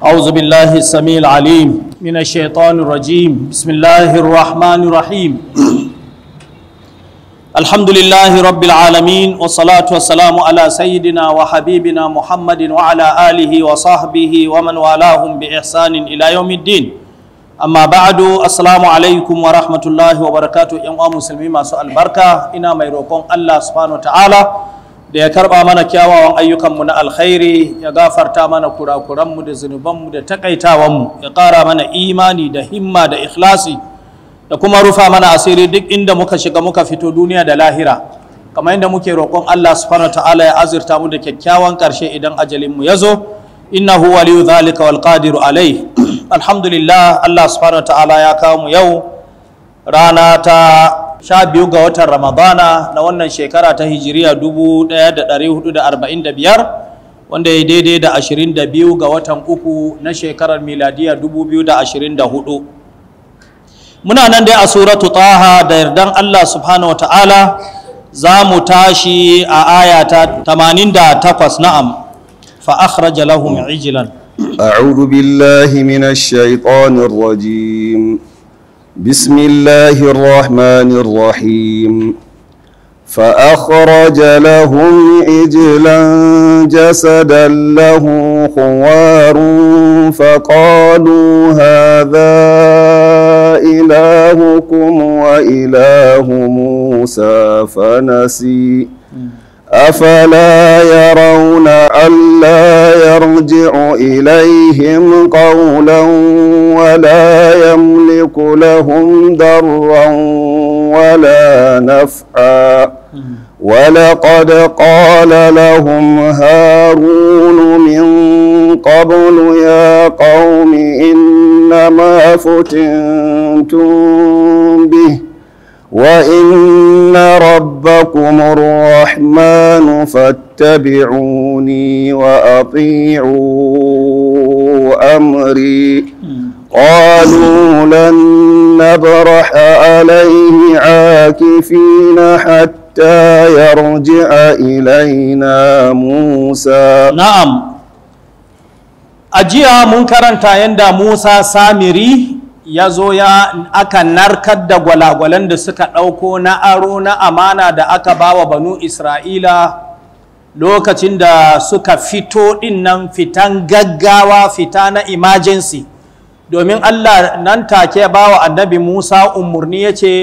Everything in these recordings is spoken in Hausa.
أعوذ بالله السميع العليم من الشيطان الرجيم بسم الله الرحمن الرحيم الحمد لله رب العالمين والصلاة والسلام على سيدنا وحبيبنا محمد وعلى آله وصحبه ومن والاهم بإحسان إلى يوم الدين amma ba'adu assalamu alaikum wa rahmatullahi wa barakatu yan uwa musulmi masu albarka ina mai roƙon Allah subhanahu wa ta'ala da ya karba mana kyawawan ayyukanmu na alkhairi ya gafarta mana kurakuranmu da zunubanmu da takaitawanmu ya kara mana imani da himma da ikhlasi da kuma rufa mana asiri duk inda muka shiga muka fito duniya da lahira kamar inda muke roƙon Allah subhanahu ta'ala ya azurta mu da kyakkyawan ƙarshe idan ajalin mu yazo innahu waliyu zalika wal qadiru alai alhamdulillah Allah subhanahu ta'ala ya kawo mu yau rana ta sha biyu ga watan ramadana na wannan shekara ta hijiriya 1445 wanda ya daidai da 22 ga watan uku na shekarar miladiya 2024 muna nan dai a suratu taha da yardan Allah subhanahu wa ta'ala za mu tashi a aya ta 88 na'am fa jalahu mai ijlan a'udhu billahi minash shaitanir rajim بسم الله الرحمن الرحيم فأخرج لهم عجلا جسدا له خوار فقالوا هذا إلهكم وإله موسى فنسي أفلا يرون ألا يرجع إليهم قولا ولا يملك لهم ضرا ولا نفعا ولقد قال لهم هارون من قبل يا قوم إنما فتنتم به وإن ربكم الرحمن فاتبعوني وأطيعوا أمري قالوا لن نبرح عليه عاكفين حتى يرجع إلينا موسى نعم أجيء منكرا تايندا موسى سامري ya zo ya aka narkar da gwalagwalan da suka ɗauko na aro na amana da aka ba wa banu isra'ila lokacin da suka fito ɗin fitan gaggawa fita na emergency domin allah nan take ba wa annabi musa umarni ya ce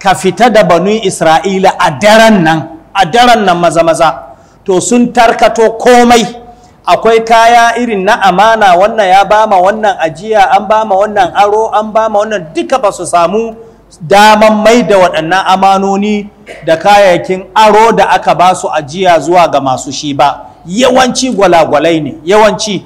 ka fita da banu isra'ila a daren nan a daren nan maza-maza to sun tarkato komai akwai kaya irin na amana wannan ya bama wannan ajiya an bama wannan aro an bama wannan duka ba su samu daman mai da waɗannan amanoni da kayayyakin aro da aka ba su ajiya zuwa ga masu shi ba yawanci gwalagwalai ne yawanci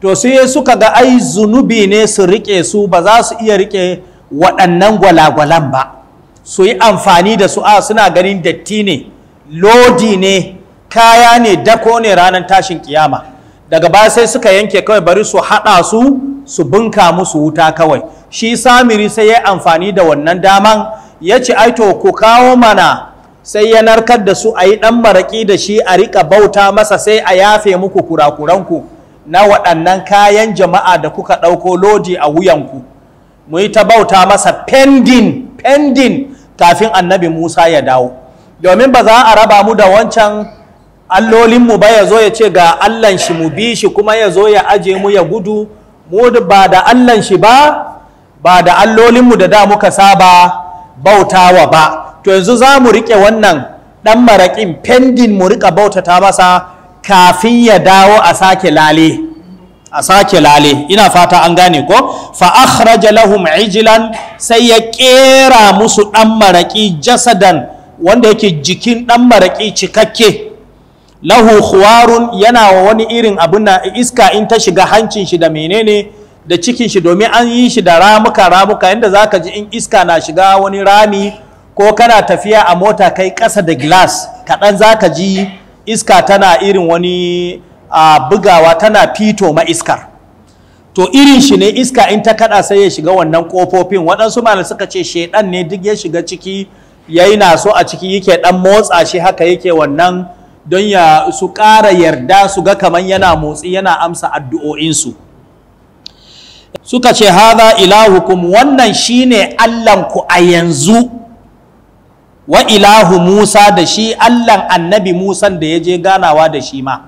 to sai suka ga ai zunubi ne su riƙe su ba za su iya riƙe waɗannan gwalagwalan ba su yi amfani da su a suna ganin datti ne lodi ne kaya ne dako ne ranar tashin kiyama daga baya sai suka yanke kawai bari su haɗa su su bunka musu wuta kawai shi samiri sai ya amfani da wannan daman ya ce aito ku kawo mana sai ya narkar da su a yi ɗan maraƙi da shi a riƙa bauta masa sai a yafe muku kurakuranku na waɗannan kayan jama'a da kuka ɗauko lodi a wuyanku mu yi ta bauta masa pendin pendin kafin annabi musa ya dawo domin ba za a raba mu da wancan allolinmu ba ya zo ya ce ga allan shi mu bi shi kuma ya zo ya aje mu ya gudu mu ba da allan shi ba ba da allolinmu da da muka saba bautawa ba to yanzu za mu riƙe wannan ɗan maraƙin pending mu riƙa bautata masa kafin ya dawo a sake lale a sake lale ina fata an gane ko fa akhraja lahum ijlan sai ya kera musu ɗan maraƙi jasadan wanda yake jikin ɗan maraƙi cikakke lahu khuwarun yana wa wani irin abin na iska in ta shiga hancin shi da menene da cikin shi domin an yi shi da ramuka ramuka inda zaka ji in iska na shiga wani rami ko kana tafiya a mota kai kasa da glass kaɗan zaka ji iska tana irin wani a bugawa tana fito ma iskar to irin shi ne iska in ta kaɗa sai ya shiga wannan kofofin waɗansu malam suka ce shedan ne duk ya shiga ciki yayi na so a ciki yake ɗan motsa shi haka yake wannan don ya su ƙara yarda su ga kaman yana motsi yana amsa addu'o'insu suka ce haza ilahukum wannan shine allanku a yanzu wa ilahu musa da shi allan annabi musan da ya je ganawa da shi ma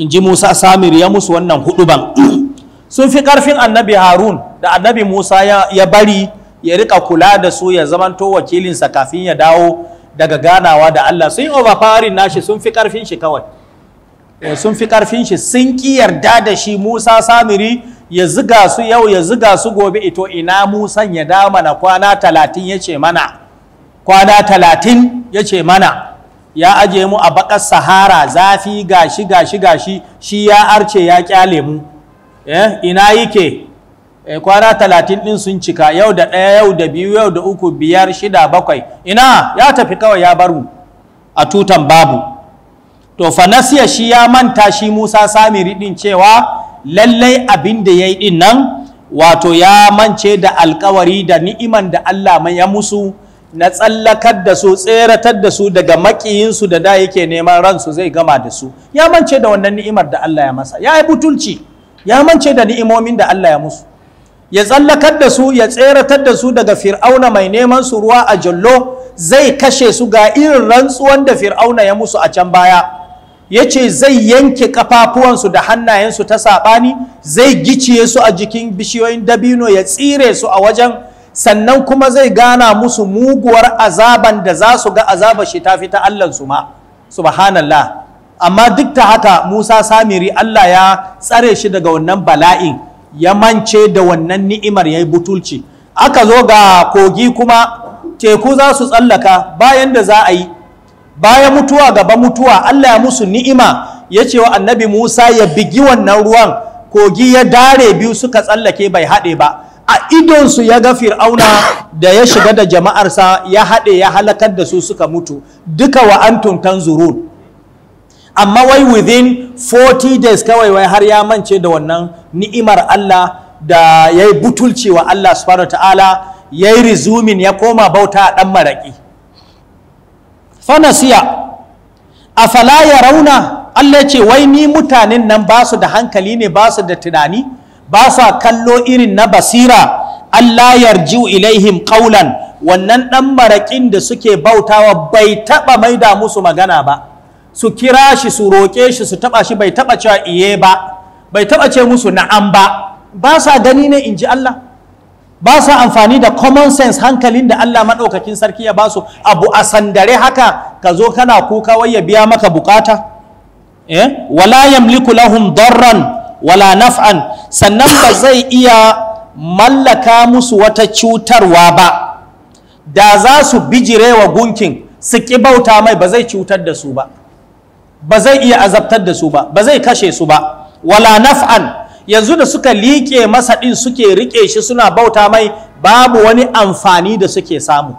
in ji musa samir ya musu wannan huduban sun fi ƙarfin annabi harun da annabi musa ya bari ya rika kula da su ya zamanto wakilinsa kafin ya dawo daga ganawa da Allah sun overpowering nashi sun fi karfin shi kawai eh, sun fi karfin shi sun ki yarda da shi Musa Samiri ya ziga su yau ya ziga su gobe ito ina Musa ya da mana kwana talatin ya ce mana kwana talatin ya ce mana ya aje mu a bakar sahara zafi gashi gashi gashi shi ya arce ya kyale mu eh, ina yake Eh, kwana talatin ɗin sun cika yau da ɗaya yau da biyu yau da uku biyar shida bakwai ina ya tafi kawai ya baru a tutan babu to fanasiya shi ya manta shi musa samiri ɗin cewa lallai abin da ya yi ɗin nan wato ya mance da alkawari da ni'iman da allah mai ya musu na tsallakar da su tseratar da su daga makiyinsu da da yake neman ransu zai gama da su ya mance da wannan ni'imar da allah ya masa ya yi butulci ya mance da ni'imomin da allah ya musu ya tsallakar da su ya tseratar da su daga fir'auna mai neman su ruwa a jallo zai kashe su ga irin rantsuwan da fir'auna ya musu a can baya ya ce zai yanke kafafuwansu da hannayensu ta saɓani zai giciye su a jikin bishiyoyin dabino ya tsire su a wajen sannan kuma zai gana musu muguwar azaban da za su ga azaba shi ta fita allansu ma subhanallah amma duk ta haka musa samiri allah ya tsare shi daga wannan bala'in ya mance da wannan ni'imar ya yi butulci aka zo ga kogi kuma teku za su tsallaka bayan da za a yi bayan mutuwa gaba mutuwa Allah ya musu ni'ima ya ce wa annabi Musa ya bigi wannan ruwan kogi ya dare biyu suka tsallake bai haɗe ba a idonsu ya ga fir'auna da ya shiga da jama'arsa ya haɗe ya halakar da su suka mutu duka wa antum tanzurun amma wai within 40 days kawai wai har ya mance da wannan ni'imar Allah da ya yi butulci wa Allah subhanahu ta'ala ya yi rizumin ya koma bauta a ɗan maraƙi fanasiya a fala ya rauna Allah ce wai ni mutanen nan ba su da hankali ne ba su da tunani ba su kallo irin na basira Allah yarji'u ilaihim qawlan wannan ɗan maraƙin da suke bautawa bai taɓa maida musu magana ba su kira shi su roƙe shi su taɓa shi bai taɓa cewa iye ba bai taɓa ce musu na'am ba ba sa gani ne in ji Allah ba sa amfani da common sense hankalin da Allah maɗaukakin sarki ya basu abu a sandare haka ka zo kana kuka wai ya biya maka bukata eh? wala yamliku lahum darran wala naf'an sannan ba zai iya mallaka musu wata cutarwa ba da za su bijire wa gunkin su ƙibauta mai ba zai cutar da su ba ba zai iya azabtar da su ba ba zai kashe su ba wala naf'an yanzu da suka liƙe masa ɗin suke riƙe shi suna bauta mai babu wani amfani da suke samu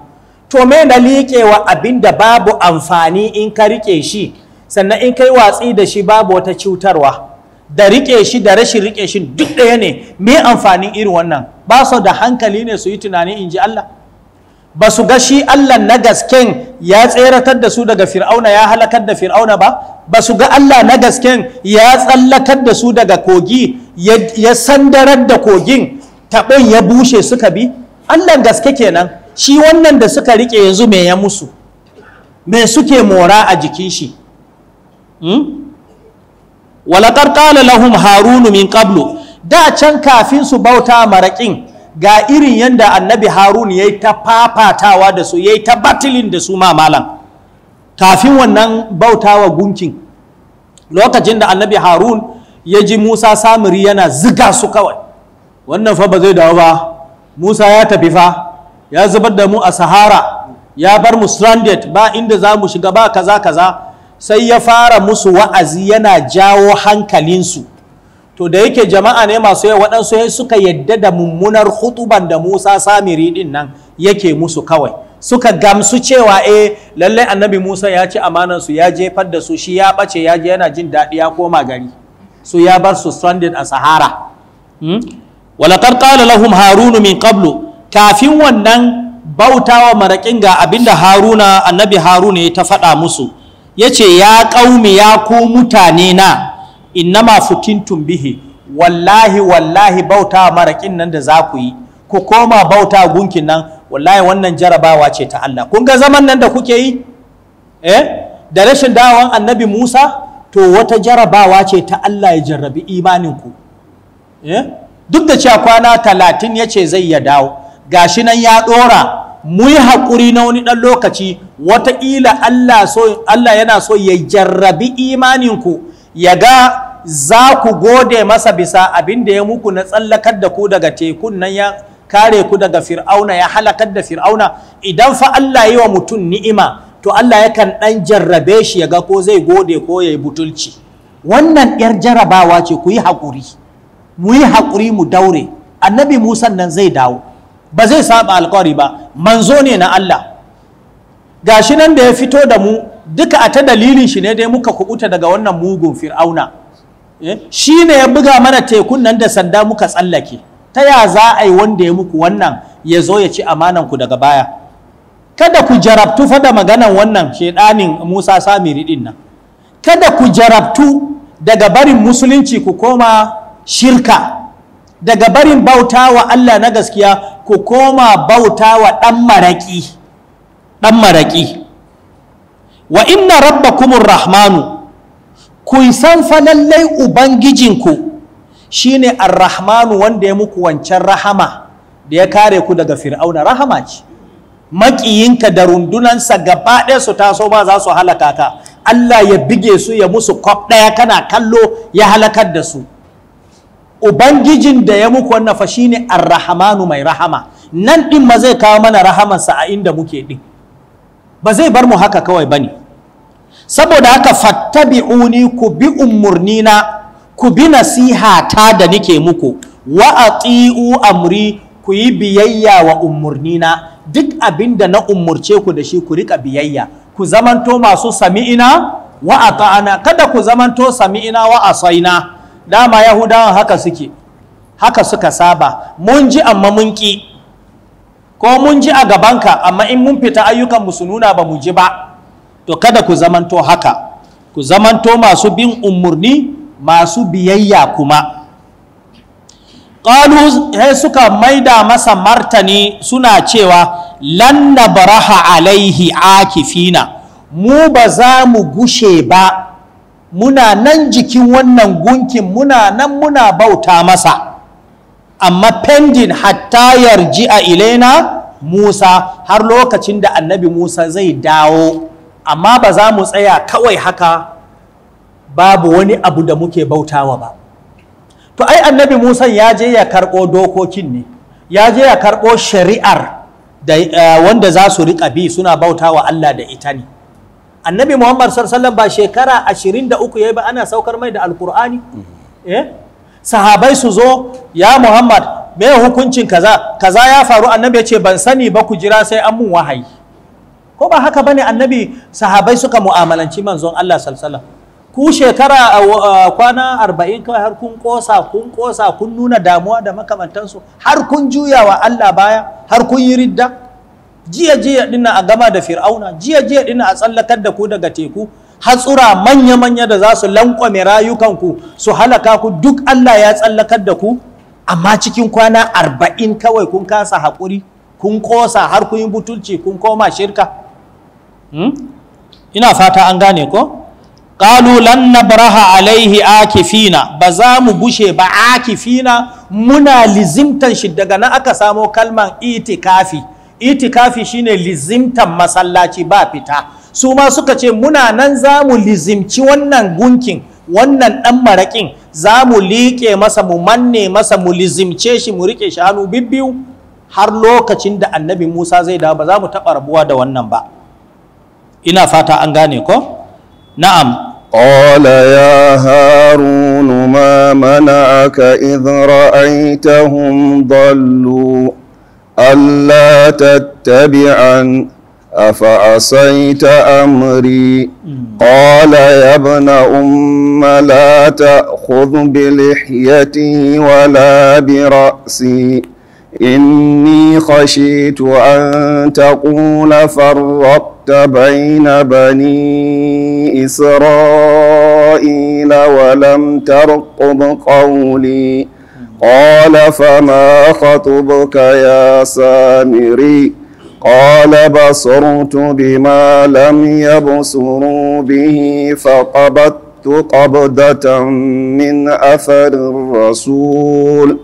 to me na liƙewa abin da babu amfani in ka riƙe shi sannan in kai watsi da shi babu wata cutarwa da riƙe shi da rashin riƙe shi duk ɗaya ne me amfanin irin wannan ba su da hankali ne su yi tunani in ji Allah ba su ga shi Allah na gasken ya tseratar da su daga fir'auna ya halakar da fir'auna ba ba su ga Allah na gasken ya tsallakar da su daga kogi ya sandarar da kogin taɓon ya bushe suka bi Allah gaske kenan shi wannan da suka riƙe yanzu me ya musu me suke mora a jikin shi hmm? walaƙar ƙala lahum harunu min qablu da can kafin su bauta maraƙin ga irin yadda annabi harun ya yi ta fafatawa da su ya yi ta batilin da su ma kafin wannan bautawa gunkin lokacin da annabi harun ya ji musa samiri yana ziga su kawai wannan fa ba zai dawo ba musa ya tafi fa ya zubar da mu a sahara ya bar mu stranded ba inda za mu shiga ba kaza kaza sai ya fara musu wa'azi yana jawo hankalinsu to da yake jama'a ne masu yawa waɗansu suka yadda da mummunar hutuban da Musa Samiri din nan yake musu kawai suka gamsu cewa eh lallai annabi Musa ya ci amanansu ya jefar da su shi ya ɓace ya je yana jin daɗi ya koma gari su ya bar su stranded a sahara hmm? walaƙar ƙala lahum harunu min qablu kafin wannan bautawa maraƙin ga abinda haruna annabi haruna ya ta faɗa musu ya ce ya ƙaumi ya ku mutane na innama futintum bihi wallahi wallahi bauta maraƙin nan da za ku yi ku koma bauta gunkin nan wallahi wannan jarabawa ce ta Allah kun ga zaman nan da kuke yi eh da rashin dawon annabi Musa to wata jarabawa ce ta Allah ya jarrabi imaninku eh duk da cewa kwana talatin ya ce zai ya dawo gashi nan ya ɗora mu yi haƙuri na wani ɗan lokaci wataƙila Allah, Allah yana so ya jarrabi imaninku ya ga za ku gode masa bisa abin da ya muku na tsallakar da ku daga tekun nan ya kare ku daga fir'auna ya halakar da fir'auna idan fa Allah yi wa mutum ni'ima to Allah yakan ɗan jarrabe shi ya ga ko zai gode ko ya yi butulci wannan yar jarrabawa ce ku yi haƙuri mu yi haƙuri mu daure annabi Musa nan zai dawo ba zai saba alƙawari ba manzo ne na Allah gashi nan da ya fito da mu duka a ta dalilin shi ne dai muka kubuta daga wannan mugun fir'auna eh, shi ne ya buga mana tekun nan da sanda muka tsallake ta ya za a yi wanda ya muku wannan ya zo ya ci amananku daga baya kada ku jarabtu fa da maganan wannan shaidanin musa samiri din nan kada ku jarabtu daga barin musulunci ku koma shirka daga barin bauta wa allah na gaskiya ku koma bauta wa ɗan maraƙi wa inna kumun rahmanu ku san fa lallai ubangijinku shine arrahmanu wanda ya muku wancan rahama da ya kare ku daga fir'auna rahama ce maƙiyinka da rundunansa gaba ɗaya su taso ba za su halaka ka Allah ya bige su ya musu kwaf ɗaya kana kallo ya halakar da su ubangijin da ya muku wannan fa shine arrahmanu mai rahama nan ɗin ma zai kawo mana rahamarsa a inda muke ɗin ba zai bar mu haka kawai bane saboda haka fattabi'uni ku bi umurnina, ku bi nasihata da nike muku wa ati'u amri ku yi biyayya wa umurnina, duk abin da na umurce ku da shi ku rika biyayya ku zamanto masu sami'ina wa ata'ana kada ku zamanto sami'ina wa asaina dama Yahudawa haka suke haka suka saba mun ji amma mun ki ko mun ji a gabanka amma in mun fita ayyukan mu su nuna ba mu ji ba to kada ku zamanto haka ku zamanto masu bin umarni masu biyayya kuma ƙalu sai suka maida masa martani suna cewa lan baraha alaihi akifina mu ba za mu gushe ba muna nan jikin wannan gunkin muna nan muna bauta masa amma pendin hatta yarji a ilaina musa har lokacin da annabi musa zai dawo amma ba za mu tsaya kawai haka babu wani abu da muke bautawa ba to ai annabi musa ya je ya karɓo dokokin ne ya je ya karɓo shari'ar da eh, wanda za su riƙa bi suna bautawa allah da ita ne annabi muhammad sallallahu ba shekara ashirin da uku ya yi ba ana saukar mai da alkur'ani mm-hmm. eh? sahabai su zo ya muhammad me hukuncin kaza kaza ya faru annabi ya ce ban sani ba ku jira sai an mun wahayi ko ba haka bane annabi sahabai suka mu'amalanci manzon Allah sallallahu ku shekara kwana arba'in kawai har kun kosa kun kosa kun nuna damuwa da makamantansu har kun juya wa Allah baya har kun yi ridda jiya jiya dinna a gama da fir'auna jiya jiya dinna a tsallakar da ku daga teku hatsura manya manya da za su lankwame rayukanku su halaka ku duk Allah ya tsallakar da ku amma cikin kwana arba'in kawai kun kasa haƙuri kun kosa har kun yi butulci kun koma shirka Hmm? ina fata an gane ko qalu lan nabraha alaihi akifina ba za mu gushe ba akifina muna lizimtan shi daga nan aka samo kalman itikafi itikafi shine lizimtan masallaci ba fita su ma suka ce muna nan za mu lizimci wannan gunkin wannan ɗan maraƙin za mu liƙe masa mu manne masa mu lizimce shi mu riƙe shi hannu bibbiyu har lokacin da annabi musa zai dawo ba za mu taɓa rabuwa da wannan ba ina fata an gane ko na'am qala ya harun ma mana'aka idh ra'aytahum dallu alla tattabi'an afa asaita amri qala ya bana umma la ta'khudh bi lihyati wa la bi ra'si inni khashitu an taqula farraq فرقت بين بني إسرائيل ولم ترقب قولي قال فما خطبك يا سامري قال بصرت بما لم يبصروا به فقبضت قبضة من أثر الرسول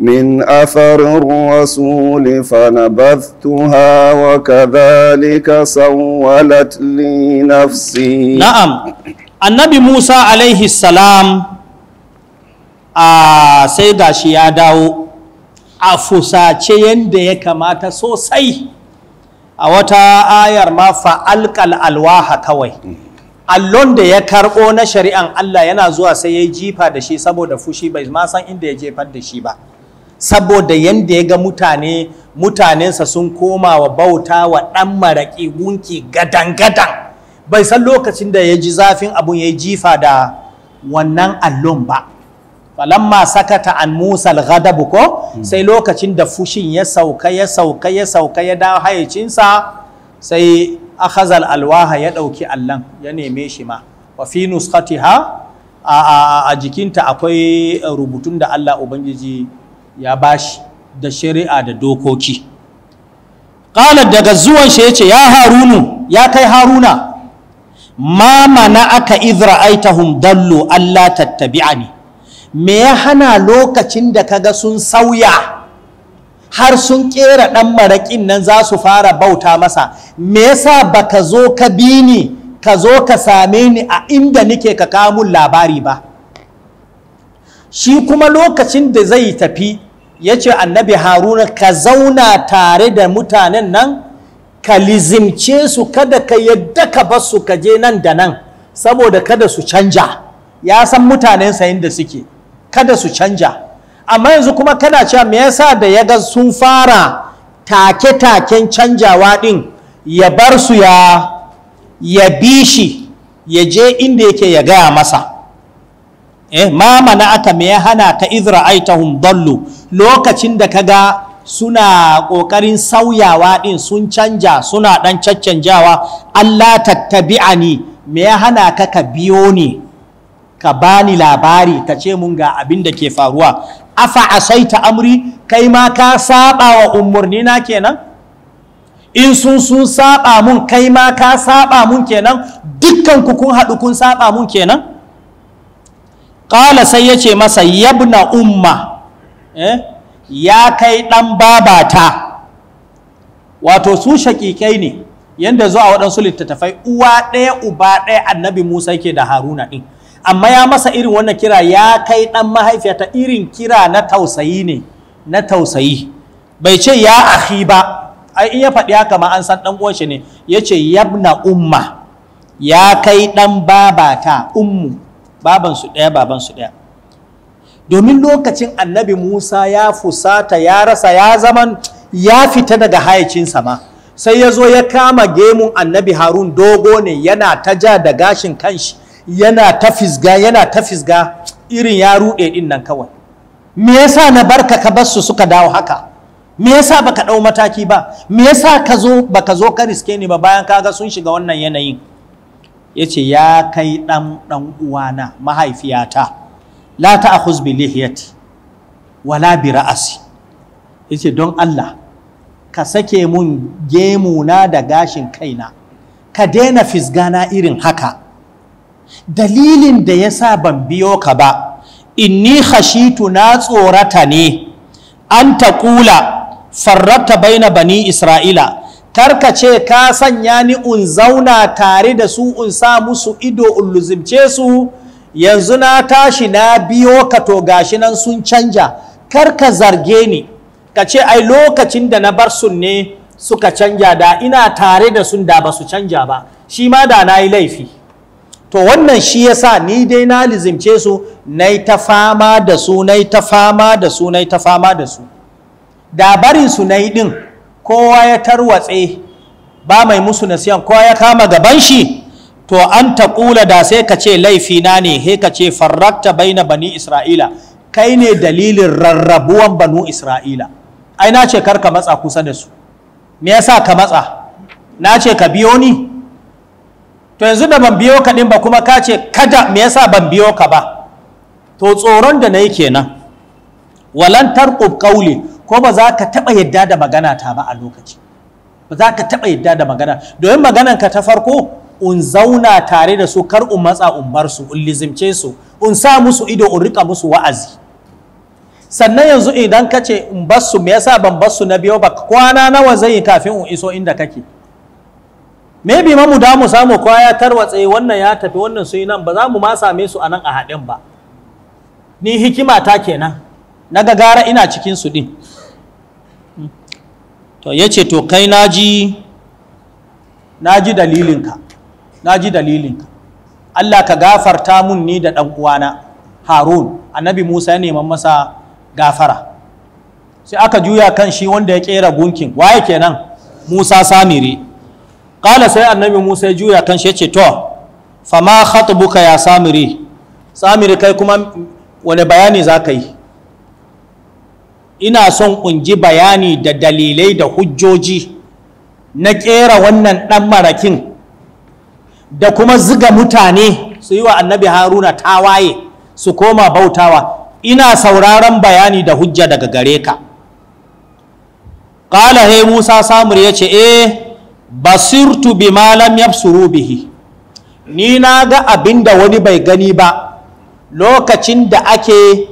من أثر الرسول فنبذتها وكذلك سولت لي نفسي نعم annabi musa alaihi salam a sai shi ya dawo a fusace yadda ya kamata sosai a wata ayar ma fa'alƙal alwaha kawai allon da ya karɓo na shari'an allah yana zuwa sai ya jifa da shi saboda fushi bai ma san inda ya jefar da shi ba saboda yanda ya ga mutane mutanensa sun koma wa bauta wa ɗan maraƙi gunki gadan-gadan bai san lokacin da ya ji zafin abun ya jifa da wannan allon ba falamma sakata an musa ghadabu ko hmm. sai lokacin da fushin ya sauka ya sauka ya sauka ya dawo hayacinsa sai akhazal alwaha ya ɗauki allon ya neme shi ma wa fi nuskatiha a jikinta akwai rubutun da allah ubangiji ya bashi da shari'a da dokoki ƙalar daga zuwan shi ya ce ya harunu ya kai haruna ma mana aka izra aitahum dallo Allah tattabi'ani me ya hana lokacin da kaga sun sauya har sun kera ɗan maraƙin nan za su fara bauta masa me yasa baka zo ka bi ni ka zo ka same ni a inda nike ka kamun labari ba shi kuma lokacin da zai tafi ya ce annabi haruna ka zauna tare da mutanen nan ka lizimce su kada ka yadda ka bar su ka je nan da nan saboda kada su canja ya san mutanensa inda suke kada su canja amma yanzu kuma kana cewa me yasa da ya ga sun fara take-taken canjawa din, ya bar su ya bi shi ya je inda yake ya gaya masa eh ma aka me ya hana ka izra'aitahum dallu lokacin da ka ga suna kokarin sauyawa din sun canja suna dan caccanjawa Allah ni, me ya hana ka ka biyo ni ka bani labari ka ce mun ga abin da ke faruwa afa asaita amri kai ma ka saba wa umurnina kenan in sun sun saba mun kai ma ka saba mun kenan dukkan kun haɗu kun saba mun kenan ƙala sai ya ce masa yabna umma eh? ya kai ɗan babata wato su shaƙiƙai ne yadda zuwa waɗansu littattafai uwa ɗaya uba ɗaya annabi musa yake da haruna ɗin amma ya masa irin wannan kira ya kai ɗan mahaifiyata irin kira na tausayi ne na tausayi bai ce ya ahi ba ai in ya faɗi haka ma an san ɗan uwan shi ne ya ce yabna umma ya kai ɗan babata ummu babansu ɗaya babansu ɗaya domin lokacin annabi musa ya fusata ya rasa ya zaman ya fita daga hayacinsa ma sai ya zo ya kama gemun annabi harun dogo ne yana ta ja da gashin kanshi yana ta fisga yana ta fisga irin ya ruɗe ɗin nan kawai me yasa na barka ka bar su suka dawo haka me yasa baka ɗau mataki ba me yasa ka zo baka zo ka riske ni ba bayan kaga sun shiga wannan yanayin ya ce ya kai ɗan ɗan uwana mahaifiyata la ta a bi lihiyati wala bi ra'asi ya ce don Allah ka sake mun gemuna da gashin kaina ka daina fisgana irin haka dalilin da ya sa ban biyo ka ba inni khashitu na tsorata ne an taƙula farrata baina bani isra'ila karka ce ka sanya ni in zauna tare da su in sa musu ido in luzimce su yanzu na tashi na biyo ka to gashi nan sun canja karka zarge ni ka ce ai lokacin da na bar su ne suka canja da ina tare da sun da ba su canja ba shi ma da na yi laifi to wannan shi yasa ni dai na lizimce su na ta fama da su na ta fama da su na ta fama da su da barin su na yi din kowa ya tarwatse ba mai musu nasiyan kowa ya kama gaban shi to an taƙula da sai ka ce na ne he ka ce farrakta baina bani isra'ila kai ne dalilin rarrabuwan banu isra'ila ai na ce kar ka matsa kusa da su me yasa ka matsa na ce ka biyo ni to yanzu da ban biyo ka din ba kuma ka ce kada me yasa ban biyo ka ba to tsoron da na yi kenan walantar tarqub qawli ko ba za ka taɓa yadda da magana ta ba a lokaci ba za ka taɓa yadda da magana domin maganan ka ta farko un zauna tare da su kar un matsa un bar su un lizimce su un sa musu ido un rika musu wa'azi sannan yanzu idan ka ce in bar su me yasa ban bar su na biyo ba kwana nawa zai yi kafin un iso inda kake maybe ma mu damu samu kowa ya tarwatse wannan ya tafi wannan su yi nan ba za mu ma same su a nan a haɗin ba ni hikima ta kenan na ga gara ina cikin su din to ya ce to kai naji naji dalilinka naji dalilinka Allah ka gafarta mun ni da ɗan uwana Harun annabi Musa ya neman masa gafara sai aka juya kan shi wanda ya kera gunkin waye kenan Musa Samiri kala sai annabi Musa ya juya kan shi ya ce to fama khatubuka ya Samiri Samiri kai kuma wani bayani za ka yi ina son kunji bayani da dalilai da hujjoji na kera wannan ɗan marakin da kuma ziga mutane su yi wa annabi haruna tawaye su koma bautawa ina sauraron bayani da hujja daga gare ka ƙala he musa samur ya ce eh basirtu bi malam ya bihi ni na ga abin da wani bai gani ba lokacin da ake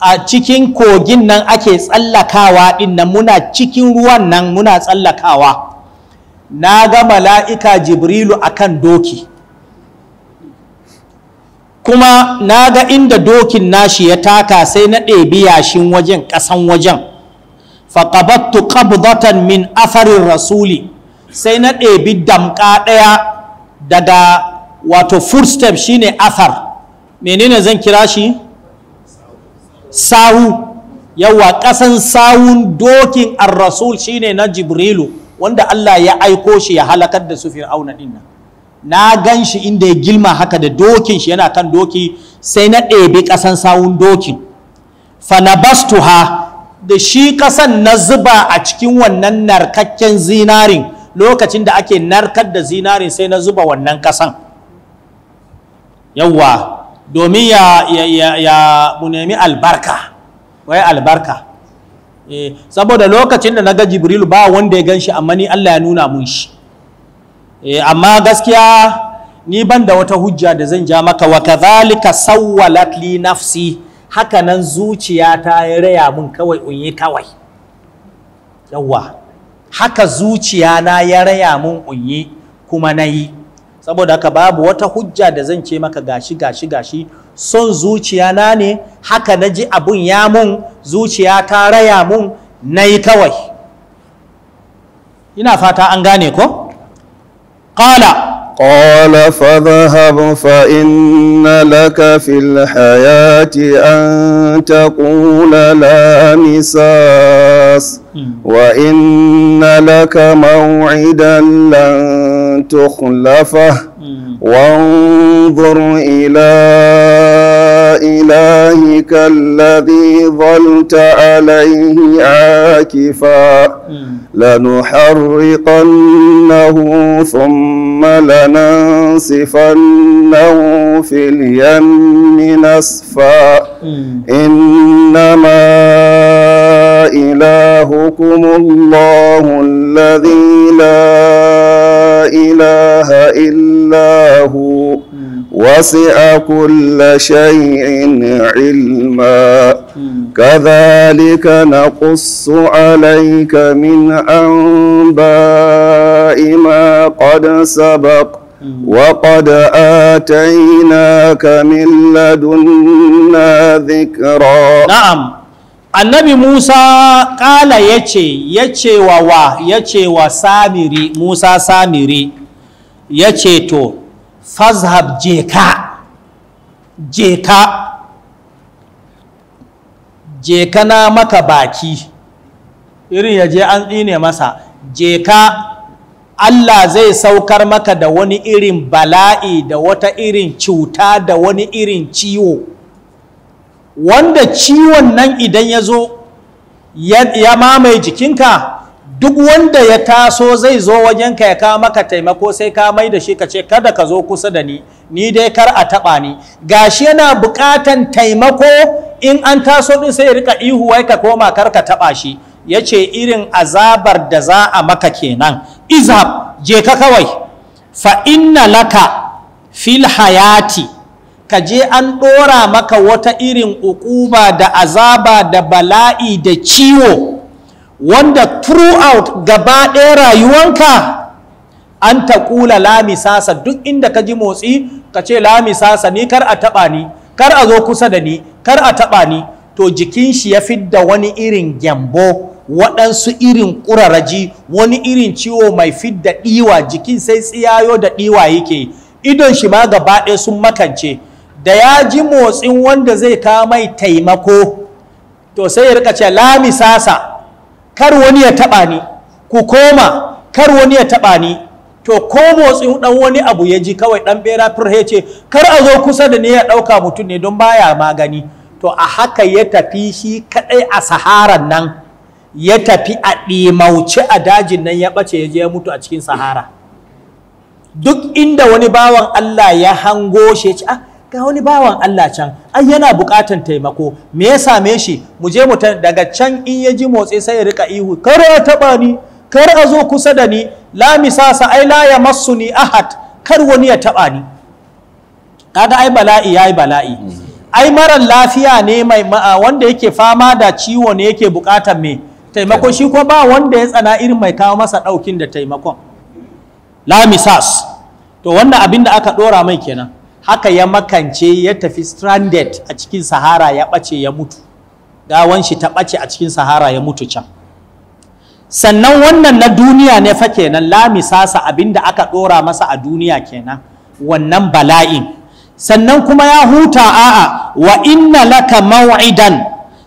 a cikin kogin nan ake tsallakawa din muna cikin ruwan nan muna tsallakawa na ga mala'ika jibrilu akan doki kuma na ga inda dokin nashi ya taka sai na ɗebi yashin wajen ƙasan wajen faƙabattu ƙabzatan min afarin rasuli sai na ɗebi damƙa ɗaya daga wato footstep shine afar menene zan kira shi sawu yawa ƙasan sawun dokin ar-rasul shine na jibrilu wanda Allah ya aiko shi ya halakar da su fir'auna din na gan shi inda ya gilma haka da dokin shi yana kan doki sai na ɗebe ƙasan sawun dokin fanabastuha da shi ƙasan na zuba a cikin wannan narkakken zinarin lokacin da ake narkar da zinarin sai na zuba wannan ƙasan yawa. domin ya mu nemi albarka wai albarka eh, saboda lokacin da na ga jibrilu ba wanda ya gan shi amma ni Allah ya nuna mun shi eh, amma gaskiya ni ban da wata hujja da zan ja maka wa kadhalika sawwalat li nafsi haka nan zuciyata ya raya mun kawai unyi kawai yawa haka zuciya na ya raya mun unyi kuma na yi saboda haka babu wata hujja da zan ce maka gashi gashi gashi son zuciya na ne haka na ji abun ya mun zuciya ta raya mun na yi kawai ina fata an gane ko ƙala قال فاذهب فإن لك في الحياة أن تقول لا مساس وإن لك موعدا لن تخلفه وانظر إلى إلهك الذي ظلت عليه عاكفا لنحرقنه ثم لننسفنه في اليم نسفا إنما إلهكم الله الذي لا إله إلا هو وسع كل شيء علما كذلك نقص عليك من أنباء ما قد سبق وقد آتيناك من لدنا ذكرا نعم annabi musa ƙala ya ce ya ce wa wa ya ce wa samiri musa samiri ya ce to fazhab jeka jeka jeka na maka baki irin ya je an tsine masa jeka Allah zai saukar maka da wani irin bala'i da wata irin cuta da wani irin ciwo wanda ciwon nan idan ya zo ya mamaye jikinka duk wanda ya taso zai zo wajenka ya kawo maka taimako sai ka mai da shi ka ce kada ka zo kusa da ni ni dai kar a taɓa ni gashi yana bukatan taimako in an taso din sai rika ihu wai ka koma kar ka taɓa shi ya ce irin azabar da za a maka kenan izab je ka kawai fa inna laka fil hayati ka je an ɗora maka wata irin ukuba da azaba da bala'i da ciwo wanda throughout gaba ɗaya rayuwanka an ta ƙula lami sasa duk inda ka ji motsi ka ce lami sasa ni kar a taɓa ni kar a zo kusa da ni kar a taɓa ni to jikin shi ya fidda wani irin gyambo waɗansu irin ƙuraraji wani irin ciwo mai fidda ɗiwa jikin sai tsiyayo da ɗiwa yake idon shi ma gaba ɗaya sun makance da ya ji motsin wanda zai ka mai taimako to sai ya rika ce lami sasa kar wani ya taba ni ku koma kar wani ya taba ni to ko motsin dan wani abu ya ji kawai dan bera firhe ce kar a zo kusa da ni ya dauka mutum ne don baya magani to a haka ya tafi shi kadai a saharan nan ya tafi a ɗimauce a dajin nan ya ɓace ya je ya mutu a cikin sahara duk inda wani bawan Allah ya hango shi ya ce ah ga wani bawan Allah can ai yana buƙatar taimako me ya same shi mu je mu daga can in ya ji motsi sai ya rika ihu kar a taba ni kar a zo kusa da ni la misasa ai la ya massuni ahad kar wani ya taba ni kaga ai bala'i yayi bala'i mm-hmm. ai maran lafiya ne mai wanda yake fama da ciwo ne yake buƙatar me taimako shi ko ba wanda ya tsana irin mai kawo masa ɗaukin da taimakon la misas to wannan abin da aka ɗora mai kenan haka ya makance ya tafi stranded a cikin sahara ya ɓace ya mutu gawan shi ta ɓace a cikin sahara ya mutu can sannan wannan na duniya ne fa kenan lamisasa abinda aka ɗora masa a duniya kenan wannan bala'in sannan kuma ya huta a'a wa inna laka maw'idan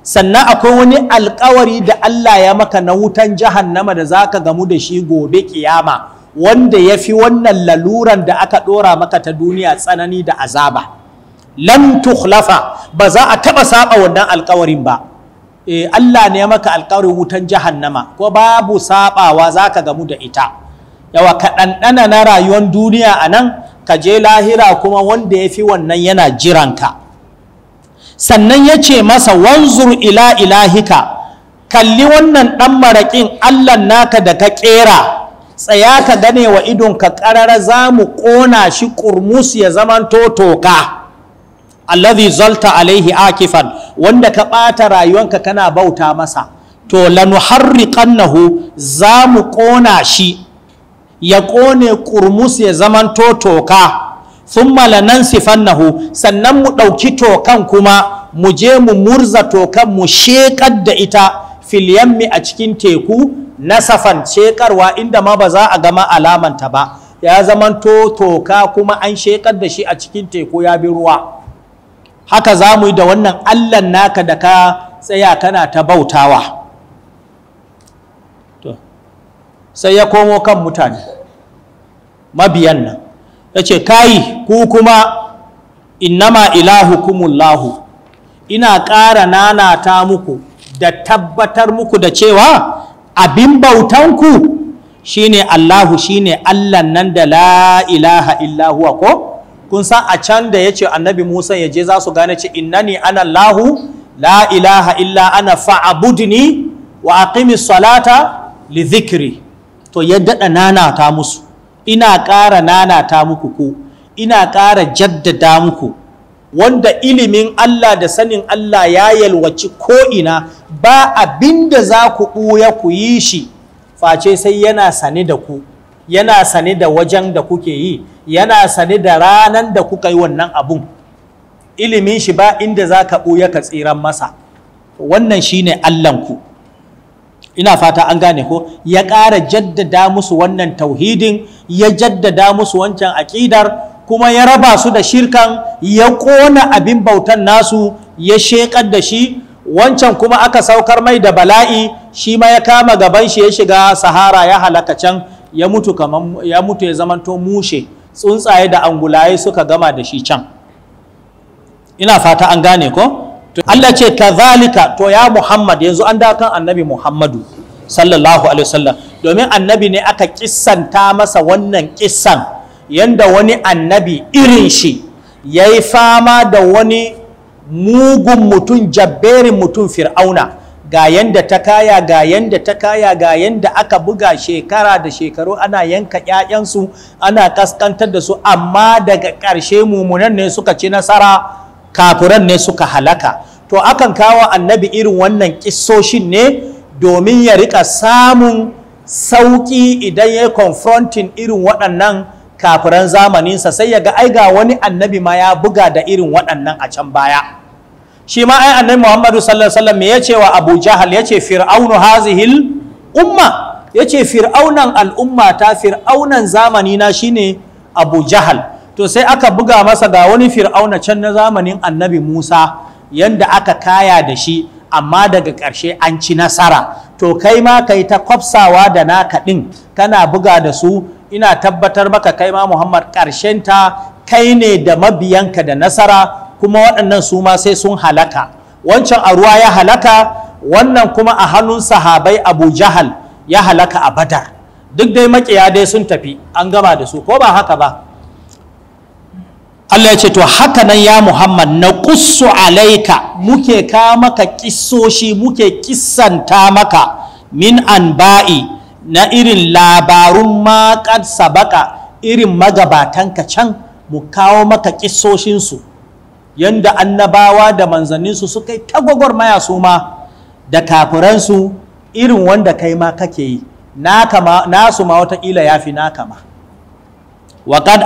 sannan akwai wani alkawari da Allah ya maka na wutan jahannama da zaka gamu da shi gobe kiyama wanda ya fi wannan laluran da aka ɗora maka ta duniya tsanani da azaba lam tukhlafa ba za a taɓa saɓa wannan alkawarin ba Eh Allah ne maka alkawarin wutan jahannama ko babu saɓawa za ka gamu da ita yawa ka ɗanɗana na rayuwar duniya a nan ka je lahira kuma wanda ya fi wannan yana jiranka sannan ya ce masa wanzur ila ilahika kalli wannan ɗan maraƙin Allah naka da ka ƙera tsaya ka gane wa idon ka ƙarara za mu ƙona shi ƙurmus ya zaman toka. allazi zalta alaihi akifan wanda ka ɓata rayuwanka kana bauta masa to lanu nahu, za mu ƙona shi ya ƙone ƙurmus ya zaman totoka thumma lanansifannahu sannan mu ɗauki tokan kuma mu je mu murza tokan mu sheƙar da ita fil yammi a cikin teku nasafan shekarwa inda ma ba za a gama alamanta ba ya zamanto toka kuma an shekar da shi a cikin teku ya bi ruwa haka za mu yi da wannan allan naka da ka tsaya kana ta bautawa sai ya komo kan mutane mabiyan nan ya ce kayi ku kuma innama ilahukumullahu ina ƙara nanata muku da tabbatar muku da cewa abin bautanku shine Allahu shine Allah nan da lailaha ilaha ko kun san a can da yace annabi Musa ya je za su gane ce innani ana Allahu la illa ana fa'budni wa aqimis salata li zikiri. to ya dada nanata musu ina ƙara nanata muku ku ina ƙara jaddada muku wanda ilimin Allah da sanin Allah ya yalwaci ko'ina ba abin da za ku ɓuya ku yi shi face sai yana sane da ku yana sane da wajen da kuke yi yana sane da ranan da kuka yi wannan abun ilimin shi ba inda za ka ɓuya ka tsiran masa wannan shine Allahnku ina fata an gane ko ya ƙara jaddada musu wannan tauhidin ya jaddada musu wancan aƙidar kuma ya raba su da shirkan ya ƙona abin bautan nasu ya shekar da shi wancan kuma aka saukar mai da bala'i shi ma ya kama gaban shi ya shiga sahara ya halaka can ya mutu kaman ya mutu ya zamanto mushe tsuntsaye da angulaye suka gama da shi can ina fata an gane ko Allah ce kazalika to ya Muhammad yanzu an dakan annabi Muhammadu sallallahu alaihi wasallam domin annabi ne aka kissanta masa wannan kissan yanda wani annabi irin shi ya yi fama da wani mugun mutum jabberin mutum fir'auna ga yanda ta kaya ga yanda ta kaya ga yanda aka buga shekara da shekaru ana yanka ‘ya'yansu ana kaskantar da su amma daga ƙarshe mumunan ne suka ci nasara kafuran ne suka halaka to akan kawo annabi irin wannan kissoshin ne domin ya riƙa samun sauƙi idan ya confronting irin waɗannan kafiran zamaninsa sai ya ga ai ga wani annabi ma ya buga da irin waɗannan a can baya shi ma ai annabi Muhammadu sallallahu alaihi wasallam ya yace wa Abu Jahal ya ce fir'aunu hazihil umma yace fir'aunan al'umma ta fir'aunan zamani na shine Abu Jahal to sai aka buga masa ga wani fir'auna can na zamanin annabi Musa yanda aka kaya da shi amma daga ƙarshe an ci nasara to kai ma kai ta kwafsawa da naka ɗin kana buga da su ina tabbatar maka kai ma Muhammad ƙarshen ta kai ne da mabiyanka da nasara kuma waɗannan su ma sai sun halaka wancan a ruwa ya halaka wannan kuma a hannun sahabai Abu Jahal ya halaka a Badar duk dai makiya dai sun tafi an gama da su ko ba haka ba Allah ya ce to haka nan ya Muhammad na kussu alaika muke ka maka kissoshi muke kissanta maka min anba'i na irin labarun maƙar sabaka irin magabatanka can mu kawo maka ƙisoshinsu yadda annabawa da manzanninsu suka yi maya su ma da kafuransu irin wanda kai ma kake yi nasu ma watakila ya fi naka ma wa kad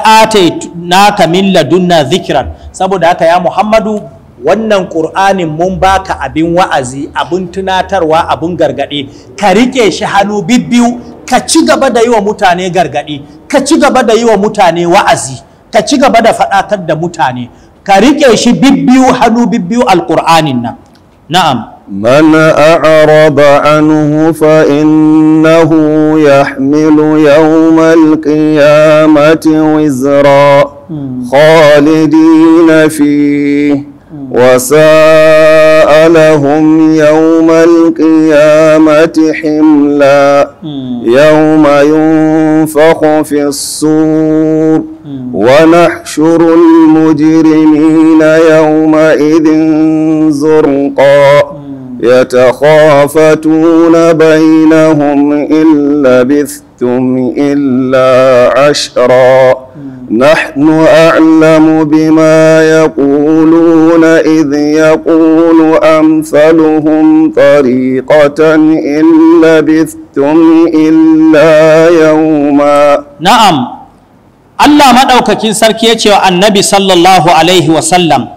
naka min ladunna zikiran saboda haka ya muhammadu wannan ƙur'anin mun baka abin wa'azi abin tunatarwa abin gargaɗi ka riƙe shi hannu bibbiyu ka ci gaba da yi wa mutane gargaɗi ka ci gaba da yi wa mutane wa'azi ka ci gaba da faɗatar da mutane ka riƙe shi bibbiyu hannu bibbiyu alƙur'anin nan na'am من أعرض عنه فإنه يحمل يوم القيامة وزرا خالدين فيه وساء لهم يوم القيامة حملا يوم ينفخ في الصور ونحشر المجرمين يومئذ زرقا يتخافتون بينهم إن لبثتم لبثتم إلا عشرا نحن أعلم بما يقولون إذ يقول أمثلهم طريقة إن لبثتم إلا يوما نعم Allah maɗaukakin sarki ya ce wa annabi sallallahu alaihi wasallam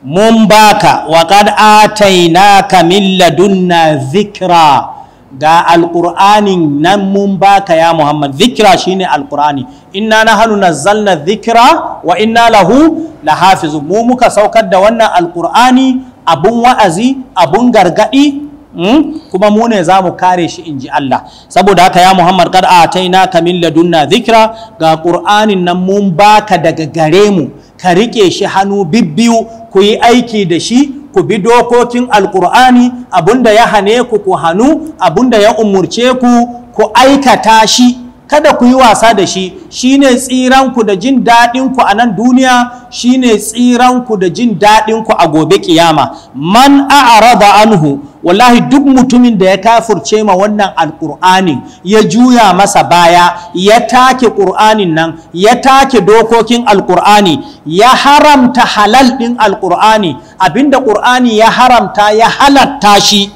mun baka wa qad atainaka min ladunna zikra ga alƙur'anin nan mun baka ya muhammad zikira shine alƙur'ani inna na hannu na zalla zikira wa inna lahu la hafizu mu muka saukar da wannan alƙur'ani abun wa'azi abun gargaɗi hmm? kuma mu ne za mu kare shi in ji Allah saboda haka ya Muhammad kad ataina na kamin ladunna zikira ga ƙur'anin nan mun baka daga gare mu ka riƙe shi hannu bibbiyu ku yi aiki da shi ku bi dokokin alkur'ani abunda ya hane ku ku hannu abunda ya umurce ku ku aikata shi kada ku yi wasa da shi shine tsiranku da jin daɗinku a nan duniya shine tsiranku da jin daɗinku a gobe ƙiyama. man a'rada anhu wallahi duk mutumin da ya kafurce ma wannan alƙur'anin ya juya masa baya ya take ƙur'anin nan ya take dokokin alƙur'ani ya haramta halal ɗin alƙur'ani abinda ƙur'ani ya haramta ya halatta shi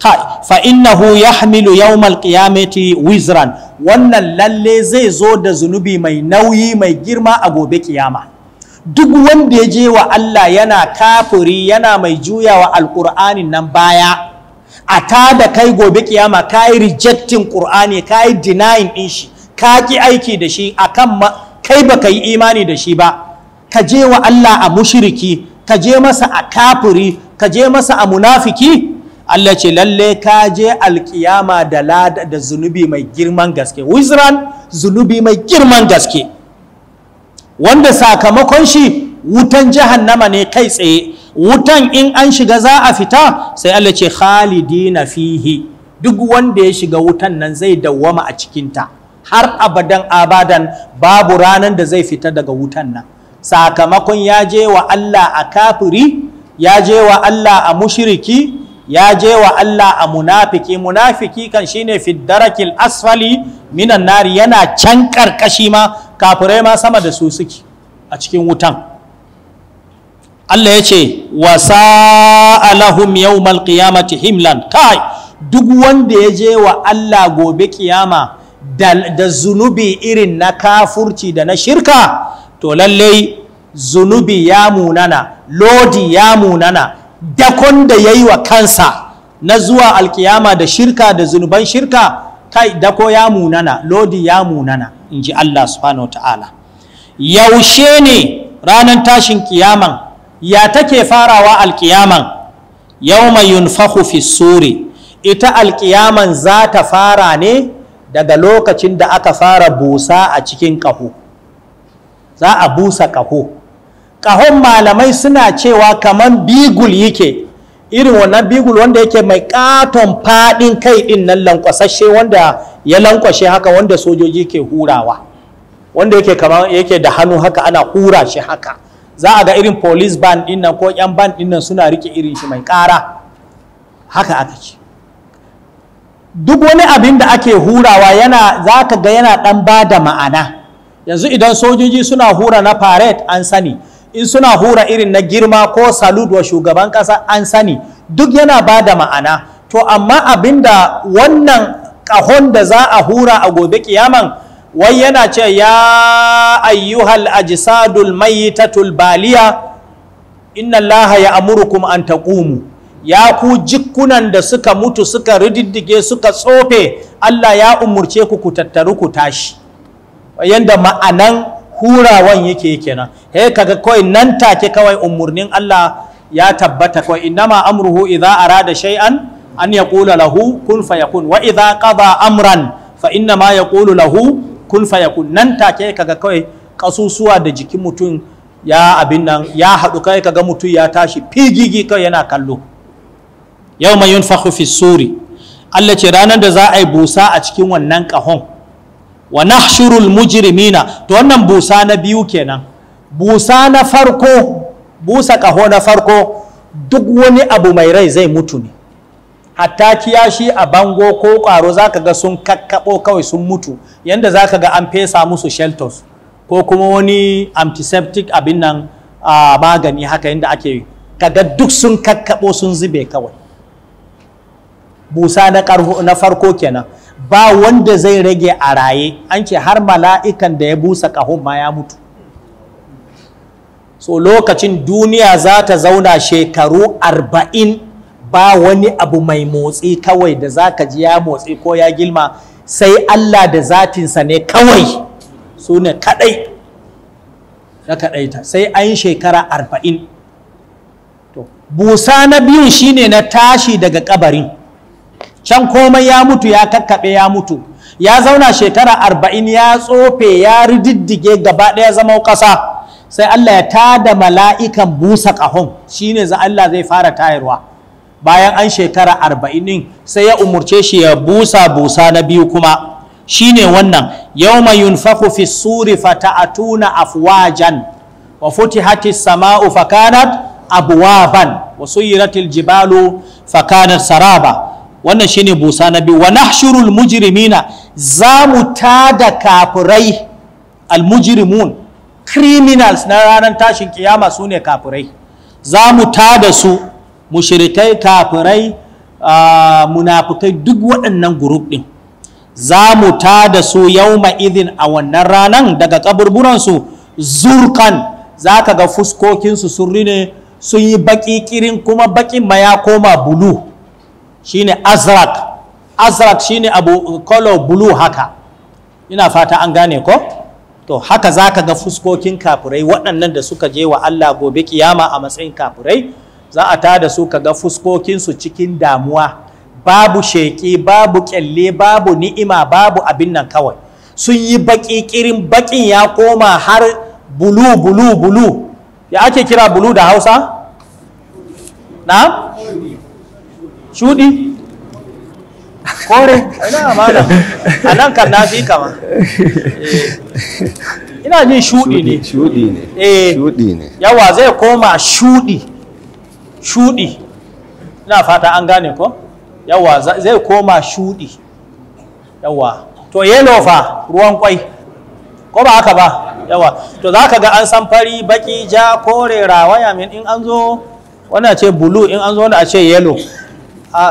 fa innahu yahmilu yau malkiyameti wizran wannan lalle zai zo da zunubi mai nauyi mai girma a gobe kiyama duk wanda ya je wa Allah yana kafuri, yana mai juyawa alkur'ani nan baya a ta da kai gobe kiyama ka yi rejectin ƙur'ani ka yi denying ɗin shi ka ƙi aiki da shi a kan kai ba ka yi imani da shi ba ka je wa Allah a mushiriki ka je masa a kafuri, ka je masa a munafiki Allah ce lalle ka je alkiyama da lada da zunubi mai girman gaske wizran zunubi mai girman gaske wanda sakamakon shi wutan jahannama ne kai tsaye wutan in an shiga za a fita sai Allah ce khalidina fihi duk wanda ya shiga wutan nan zai dawwama a cikin ta, har abadan abadan babu ranan da zai fita daga wutan nan sakamakon ya je wa Allah a kafiri ya je wa Allah a mushiriki ya je wa Allah a munafiki munafiki kan shine fiddarakil asfali minan nari yana can karkashi ma kafirai ma sama da su suke a cikin wutan Allah ya ce wa sa'alahum yawmal qiyamati himlan kai duk wanda ya je wa Allah gobe kiyama da zunubi irin na kafurci da na shirka to lallai zunubi ya munana lodi ya munana dakon da ya yi wa kansa na zuwa alkiyama da shirka da zunuban shirka kai dako ya munana lodi ya munana in ji Allah subhanahu ta'ala yaushe ne ranar tashin kiyaman ya take farawa alkiyaman mai yunfahu fi suri ita alkiyaman za ta fara ne daga lokacin da aka fara busa a cikin ƙaho za a busa ƙaho ƙahon malamai suna cewa kaman bigul yake irin wannan bigul wanda yake mai katon faɗin kai din nan lankwasashe wanda ya lankwashe haka wanda sojoji ke hurawa wanda yake kamar yake da hannu haka ana hura shi haka za a ga irin police band din nan ko yan band din nan suna rike irin shi mai kara haka aka ce duk wani abin da ake hurawa yana za ka ga yana ɗan ba da ma'ana yanzu idan sojoji suna hura na parade an sani in suna hura irin na girma ko salud wa shugaban ƙasa an sani duk yana ba da ma'ana to amma abin da wannan ƙahon da za a hura a gobe kiyaman wai yana ce ya ayyuhal ajisadul mayyitatul baliya inna laha ya amurukum an taqumu ya ku jikkunan da suka mutu suka rididdige suka tsofe Allah ya umurce ku ku tattaru ku tashi yanda ma'anan hurawan yake kenan he kaga kawai nan take kawai umurnin Allah ya tabbata kawai innama amruhu idza arada shay'an an yaqula lahu kun fayakun wa idza qada amran fa ma yaqulu lahu kun fayakun nan take kaga kawai kasusuwa da jikin mutum ya abin nan ya haɗu kai kaga mutum ya tashi pigigi kawai yana kallo yau mai yunfahu fi suri Allah ce ranar da za a yi busa a cikin wannan kahon. wa nahshurul mujrimina to wannan busa na biyu kenan busa na farko busa kaho na farko duk wani abu mai rai zai mutu ne hatta kiyashi a bango ko ƙwaro za ka ga sun kakkaɓo kawai sun mutu yadda za ka ga an fesa musu shelters ko kuma wani antiseptic abin nan a magani haka yadda ake yi kaga duk sun kakkaɓo sun zube kawai busa na farko kenan ba wanda zai rage a raye an ce har mala'ikan da ya busa ƙahon ma ya mutu so lokacin duniya za ta zauna shekaru arba'in ba wani abu mai motsi kawai da za ka ji ya motsi ko ya gilma sai Allah da zatinsa ne kawai su ne kaɗai na kaɗaita sai an shekara arba'in busa na biyun shine na tashi daga kabarin. can komai ya mutu ya kakkaɓe ya mutu ya zauna shekara arba'in ya tsofe ya rididdige gaba ɗaya zama ƙasa sai Allah ya tada mala'ikan busa ƙahon shine za Allah zai fara tayarwa bayan an shekara arba'in sai ya umurce shi ya busa busa na biyu kuma shine wannan yawma yunfaku fi suri fata'atuna afwajan wa futihati sama'u fakanat abwaban wa suyiratil jibalu fakanat saraba wannan shine busa na biyu wa nahshurul mujrimina za mu tada kafirai al mujrimun criminals na ranar tashin kiyama su ne kafirai za mu tada su mushrikai kafirai munafukai duk waɗannan group ɗin za mu tada su yauma idin a wannan ranan daga kaburburansu zurkan za ka ga fuskokinsu sun rine sun yi baƙi kirin kuma baƙin ma ya koma bulu shine azrak azrak shine abu color blue haka ina fata an gane ko to haka zaka ga fuskokin kafurai waɗannan da suka je wa Allah gobe kiyama a matsayin kafurai za a tada su ka ga fuskokin su cikin damuwa babu sheƙi babu kyalle babu ni'ima babu abin nan kawai sun yi baƙi ƙirin baƙin ya koma har bulu bulu bulu ya ake kira bulu da hausa na shudi kore ina a nan kan na fi kama eh. ina jin shudi ne shudi ne eh shudi ne yawa zai koma shudi shudi ina fata an gane ko yawa zai koma shudi yawa to yellow fa ruwan kwai ko ba haka ba yawa to za ka ga an san fari baki ja kore rawaya min in an zo wani ce blue in an zo wani a ce yellow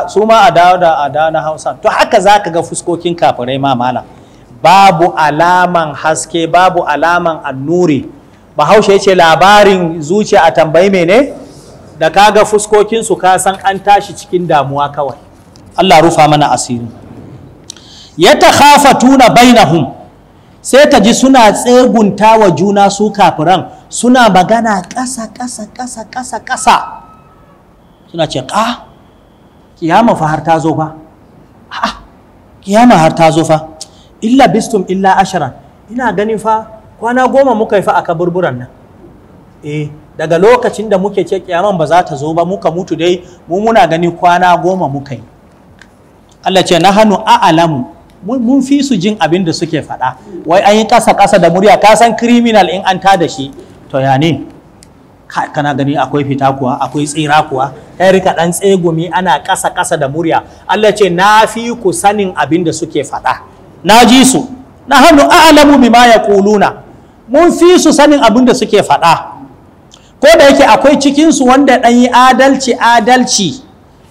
su ma a dawo da a dawo na hausa to haka za ka ga fuskokin kafirai ma malam babu alaman haske babu alaman annuri bahaushe ya ce labarin zuciya a tambayi mene da kaga su ka san an tashi cikin damuwa kawai Allah rufa mana asiri ya ta khafa tuna bainahum sai ta ji suna tsegunta wa juna su kafiran suna magana ƙasa kasa ƙasa ƙasa ƙasa suna ce ƙa ah, kiyama fa har ta zo fa ha kiyama har ta zo fa illa bistum illa ashara ina ganin fa kwana goma muka yi fa a kaburburan nan eh daga lokacin da muke ce kiyaman ba za ta zo ba muka mutu dai mu muna gani kwana goma muka yi Allah ce na hannu mun fi su jin abin da suke faɗa wai an yi ƙasa ƙasa da murya ka san criminal in an ta da shi to ya ne kana gani akwai fita kuwa akwai tsira kuwa ya rika dan tsegumi ana kasa kasa da murya Allah ce na fi ku sanin abin da suke faɗa na ji su na hannu a'lamu bima yaquluna mun fi su sanin abin da suke faɗa ko da yake akwai cikin su wanda dan yi adalci adalci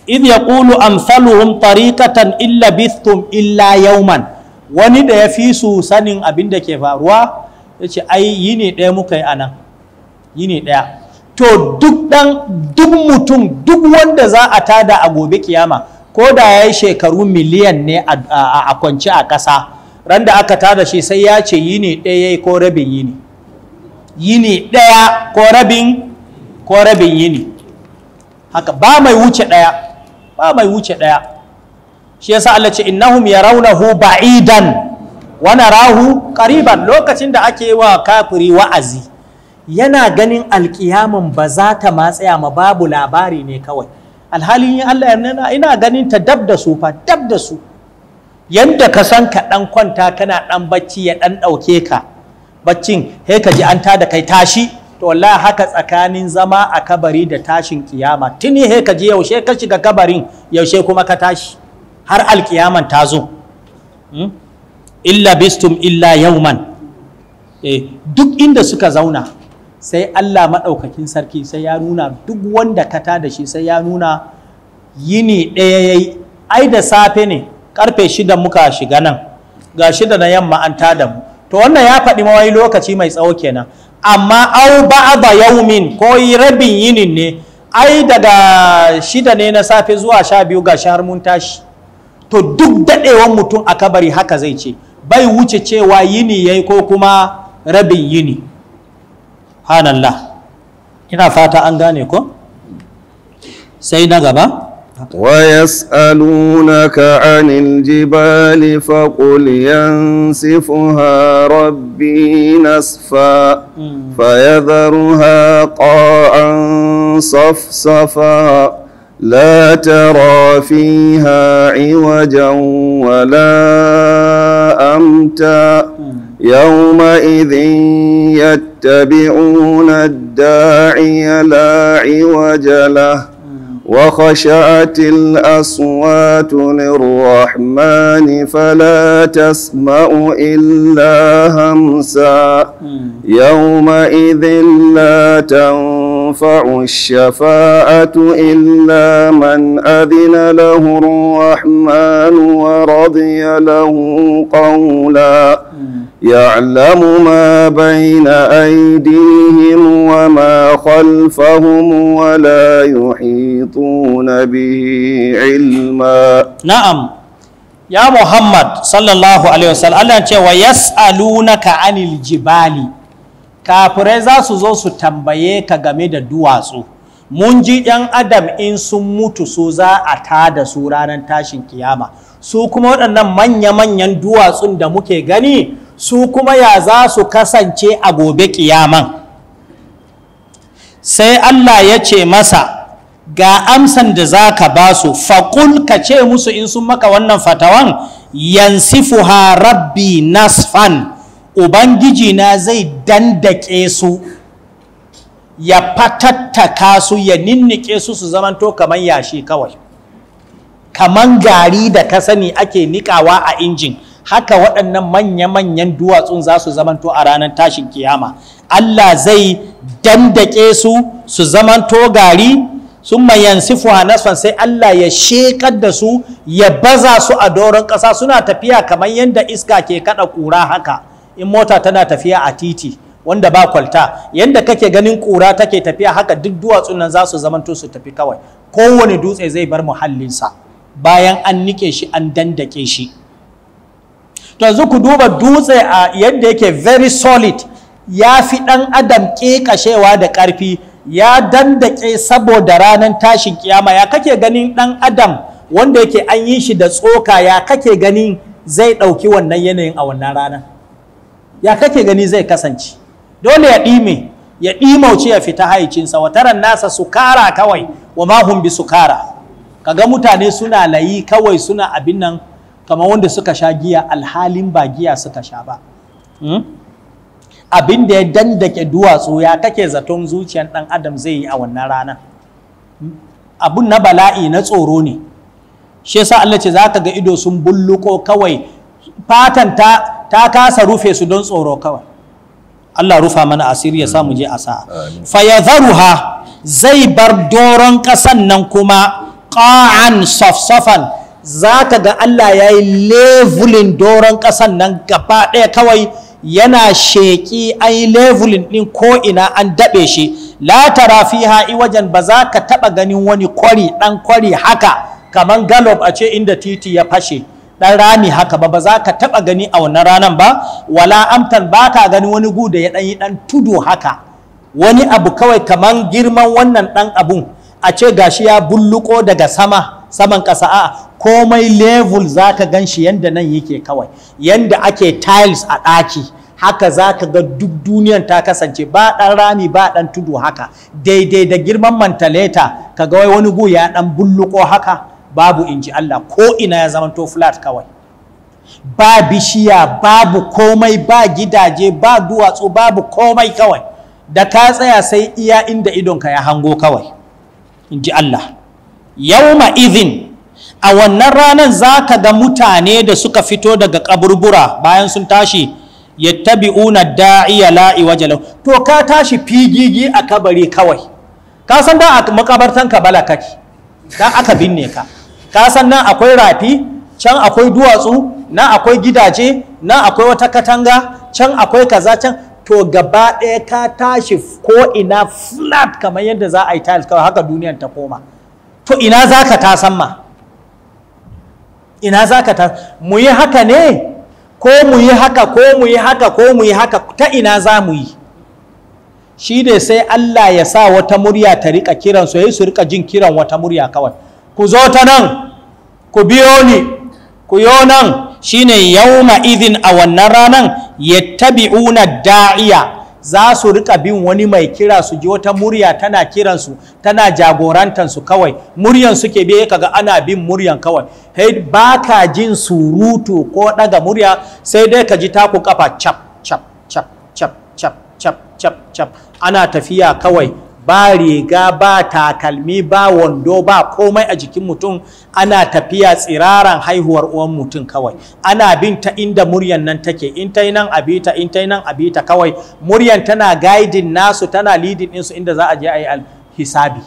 idh yaqulu amsaluhum tariqatan illa bistum illa yawman wani da ya fi su sanin abin da ke faruwa yace ai yini ɗaya muka yi anan yini ɗaya to duk dan duk mutum duk wanda za a tada a gobe kiyama ko da ya yi shekaru miliyan ne a kwanci a ƙasa ran da aka tada shi sai ya ce yini ɗaya ko rabin yini yini ɗaya ko rabin ko rabin yini haka ba mai wuce ɗaya ba mai wuce ɗaya shi yasa Allah ce innahum yarawnahu ba'idan wa rahu qariban lokacin da ake wa kafiri wa'azi yana ganin alkiyaman ba za ta matsaya ma babu labari ne kawai alhalin Allah yana ina ganin ta dab da su fa dab da su yanda ka san ka dan kwanta kana ɗan bacci ya ɗan ɗauke ka baccin he ji an ta da kai tashi to wallahi haka tsakanin zama a kabari da tashin kiyama tuni he ka ji yaushe ka shiga kabarin yaushe kuma ka tashi har alkiyaman ta zo hmm? illa bistum illa yauman eh, duk inda suka zauna sai Allah maɗaukakin sarki sai ya nuna duk wanda ka tada shi sai ya nuna yini ɗaya ya yi ai da safe ne ƙarfe shida muka shiga nan ga shida na yamma an tada mu to wannan ya faɗi mawai lokaci mai tsawo kenan amma au ba'da yaumin ko rabin yinin ne ai daga shida ne na safe zuwa sha biyu ga har mun tashi to duk daɗewan mutum a kabari haka zai ce bai wuce cewa yini ya yi ko kuma rabin yini subhanallah ina fata an gane ko sai na gaba ويسألونك عن الجبال فقل ينسفها ربي نسفا فيذرها قاعا صفصفا لا ترى فيها عوجا ولا أمتا يومئذ يتقى يتبعون الداعي لا عوج له وخشعت الأصوات للرحمن فلا تسمع إلا همسا يومئذ لا تنفع الشفاعة إلا من أذن له الرحمن ورضي له قولا يعلم ما بين أيديهم وما خلفهم ولا يحيطون به علما نعم يا محمد صلى الله عليه وسلم الله ce wa yas'alunaka anil jibali Kafurai za su zo su tambaye ka game da duwatsu mun ji yan adam in sun mutu su za a tada su ranar tashin kiyama su kuma waɗannan manya-manyan duwatsun da muke gani su kuma ya za su kasance a gobe ƙiyaman. sai Allah ya ce masa ga amsan da za ka ba su faƙul ka ce musu in sun maka wannan fatawan ha rabbi nasfan ubangiji na zai dandake su ya fatattaka su ya ninnike su su zamanto kamar yashi kawai kamar gari da ka sani ake nikawa a injin haka waɗannan manya-manyan duwatsun za su zamanto a ranar tashin kiyama Allah zai dandake su su zamanto gari sun yansifu nasfan sai Allah ya shekar da su ya baza su a doron ƙasa suna tafiya kamar yadda iska ke kaɗa ƙura haka in mota tana tafiya a titi wanda ba kwalta yadda kake ganin ƙura take tafiya haka duk duwatsun nan za su zamanto su tafi kawai kowane dutse zai bar muhallinsa bayan an niƙe shi an dandake shi yanzu ku duba dutse a yadda yake very solid ya fi ɗan adam kashewa da ƙarfi ya dandake saboda ranar tashin kiyama ya kake ganin ɗan adam wanda yake an yi shi da tsoka ya kake ganin zai ɗauki wannan yanayin a wannan rana ya kake gani zai kasance dole ya ɗime ya ɗimauce ya fita haicinsa wataran nasa sukara kawai wa mahun bi Ka ga mutane suna layi kawai suna abin nan kamar wanda suka sha giya alhalin ba giya suka sha ba hmm? abin da ya dandake duwatsu ya kake zaton zuciyar dan adam zai yi a wannan rana? abun na bala'i na tsoro ne shi yasa Allah ce za ka ga ido sun bulluko kawai fatan ta, ta kasa rufe su don tsoro kawai Allah rufa mana asiri ya samu je a sa'a fa yadharuha zai bar doron ƙasan nan kuma ƙa'an safsafan za ka ga Allah ya yi levelin doron ƙasan nan gaba ɗaya kawai yana sheƙi an yi levelin ɗin ko'ina an daɓe shi la tara ha'i wajen ba za ka taɓa ganin wani kwari ɗan kwari haka kamar galop a ce inda titi ya fashe ɗan rami haka ba ba za ka taɓa gani a wannan ranar ba wala amtan ba ka gani wani gu da ya ɗan yi ɗan tudu haka wani abu kawai kamar girman wannan ɗan abun a ce gashi ya bulluko daga sama saman ƙasa a komai level za ka gan shi yadda nan yake kawai yadda ake tiles a ɗaki haka za ka ga duk duniyan ta kasance ba ɗan rami ba ɗan tudu haka daidai da girman mantaleta ka ga wani gu ya ɗan bulluko haka babu inji Allah ko ina ya zama to flat kawai ba bishiya babu komai ba gidaje ba duwatsu babu komai kawai da ka tsaya sai iya inda idonka ya hango kawai in ji Allah yawma izin, a wannan ranar za ka ga mutane da suka fito daga kaburbura bayan sun tashi ya yattabi'una da'iya la'i wajalahu to ka tashi figigi a kabari kawai ka san da makabartan ka bala kake dan aka binne ka ka san nan akwai rafi can akwai duwatsu nan akwai gidaje nan akwai wata katanga can akwai kaza can to gaba ɗaya ka tashi ko ina flat kamar yadda za a yi tiles kawai haka duniyar ta koma to ina za ka ta ma ina za ka ta mu yi haka ne ko mu yi haka ko mu yi haka ko mu yi haka ta ina za mu yi shi ne sai Allah ya sa wata murya ta rika kiran su su rika jin kiran wata murya kawai ku zo ta nan ku biyo ni ku yo nan shine yauma maizin a wannan ranan tabi'una da'iya za su rika bin wani mai kira su ji wata murya tana kiransu tana su kawai muryan suke bi kaga ana bin muryan kawai hey, ba ka jin surutu ko daga murya sai dai ka ji taku kafa cap cap cap cap cap cap cap cap ana tafiya kawai ba riga ba takalmi ba wando ba komai a jikin mutum ana tafiya tsiraran haihuwar uwan mutum kawai ana bin ta inda muryan nan take in ta nan abita in ta nan abita kawai muryan tana guiding nasu tana leading ɗinsu inda za a je a yi hisabi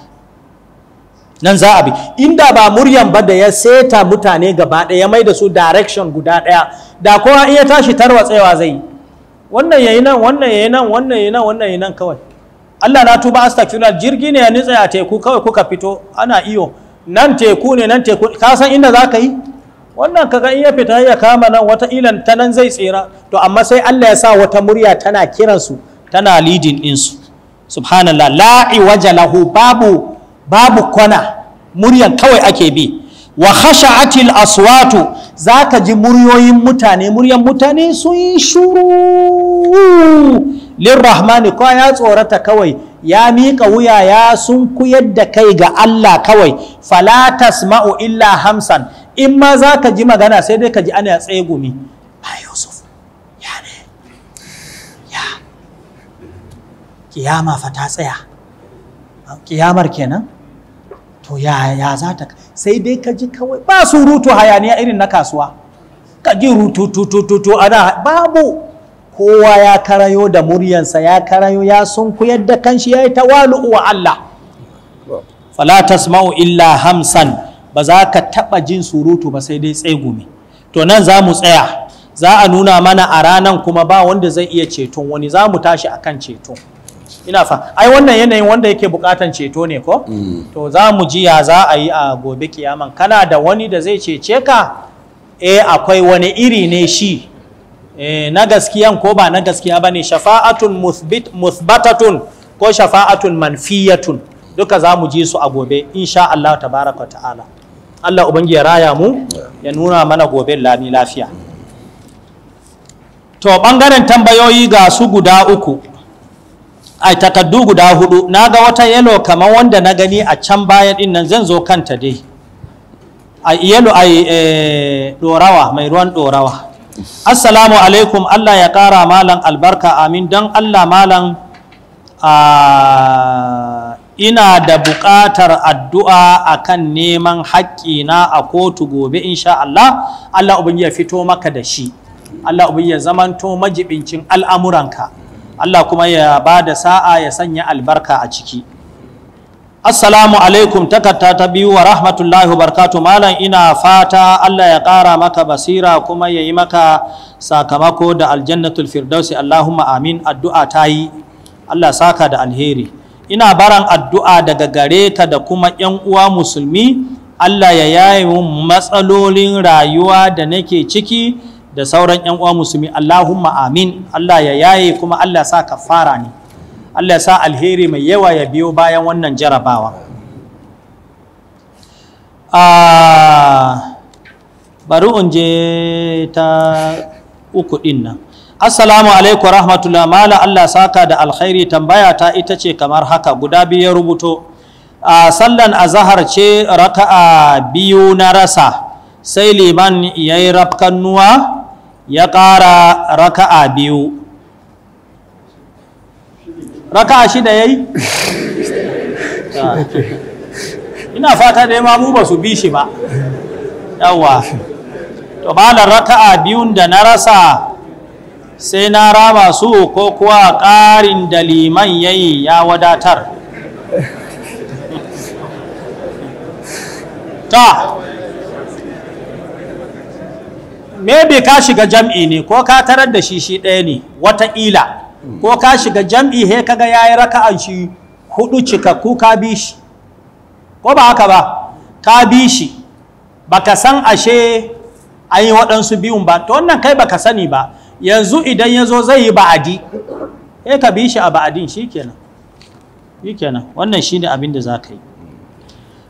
nan za a bi inda ba muryan ba da ya seta mutane gaba ɗaya ya mai da su direction guda ɗaya da kowa iya tashi tarwatsewa zai yi wannan yayi nan wannan yayi nan wannan yayi nan wannan yayi nan kawai Allah na tuba astaghfirullah jirgi ne ya nitsa a teku kawai kuka fito ana iyo nan teku ne nan teku ka san inda za ka yi wannan kaga in ya fita ya kama nan wata ilan ta nan zai tsira to amma sai Allah ya sa wata murya tana kiransu tana leading din su subhanallah la'i iwaja lahu babu babu kwana muryan kawai ake bi wa khasha'atil aswatu zaka ji muryoyin mutane muryan mutane sun shuru lirrahmani ko ya tsorata kawai ya miƙa wuya ya sun kuyar da kai ga Allah kawai falatas ma'u illa hamsan in ma za ka ji magana sai dai ka ji ana tsaye gumi ba yusuf ya ne ya kiyama fa ta tsaya kiyamar kenan to ya ya za ta sai dai ka ji kawai ba surutu hayaniya irin na kasuwa ka ji rututututu ana babu kowa ya karayo da muryansa ya karayo ya sunkuyar da kanshi ya yi walu'u wa Allah falatas mau illa hamsan ba za ka taɓa jin surutu ba sai dai tsegumi to nan za mu tsaya za a nuna mana a ranan kuma ba wanda zai iya ceton wani za mu tashi a kan ceto ina fa ai wannan yanayin wanda yake buƙatan ceto ne ko mm. to za mu ji ya za a yi a gobe kiyaman kana da wani da zai cece ka eh akwai wani iri ne shi Eh, na gaskiyan ko ba na gaskiya ba ne shafa'atun musbatatun ko shafa'atun manfiyatun duka za mu ji su a gobe insha Allah tabaraka ta'ala Allah ubangi ya raya mu ya nuna mana gobe lami lafiya to bangaren tambayoyi ga su guda uku ai takaddu guda hudu na ga wata yelo kamar wanda na gani a can baya din zan zo kanta dai a yelo a dorawa eh, mai ruwan ɗorawa. assalamu alaikum Allah ya ƙara malam albarka amin don Allah malan ina da buƙatar addu'a a kan neman haƙƙi na a kotu gobe insha Allah Allah ubin ya fito maka da shi Allah ubin ya zamanto majibincin al'amuranka Allah kuma ya ba da sa'a ya sanya albarka a ciki assalamu alaikum takarta ta biyu wa rahmatullahi wa barkatu malam ina fata Allah ya ƙara maka basira kuma ya yi maka sakamako da aljannatul firdausi Allahumma amin addu'a ta yi Allah saka da alheri ina baran addu'a daga gare ka da kuma ‘yan uwa musulmi Allah ya yaye matsalolin rayuwa da nake ciki da sauran ‘yan uwa musulmi Allahumma amin Allah ya yaye kuma Allah sa ka fara ni Allah sa alheri mai yawa ya biyo bayan wannan jarabawa ah, bari in je ta uku ɗin nan assalamu alaikum rahmatullah mala Allah saka da alkhairi tambaya ta ita ce kamar haka guda biyu ya rubuto a sallan azahar ce raka'a biyu na rasa sai liman ya yi rafkannuwa ya ƙara raka'a biyu raka shida yayi ina fata da ma mu ba su bi shi ba yawa to malar raka'a biyun da na rasa sai na raba su ko kuwa ƙarin da liman yayi ya wadatar ta maybe ka shiga jam'i ne ko ka tarar da shi shi ɗaya ne wataƙila ko ka shiga jam'i he kaga yayi raka'an shi hudu cikakku ka bi shi ko ba haka ba ka bi shi baka san ashe an yi waɗansu biyun ba to wannan kai baka sani ba yanzu idan yazo zo zai yi ba'adi he ka bi shi a ba'adin shi shi kenan wannan shine abin da za ka yi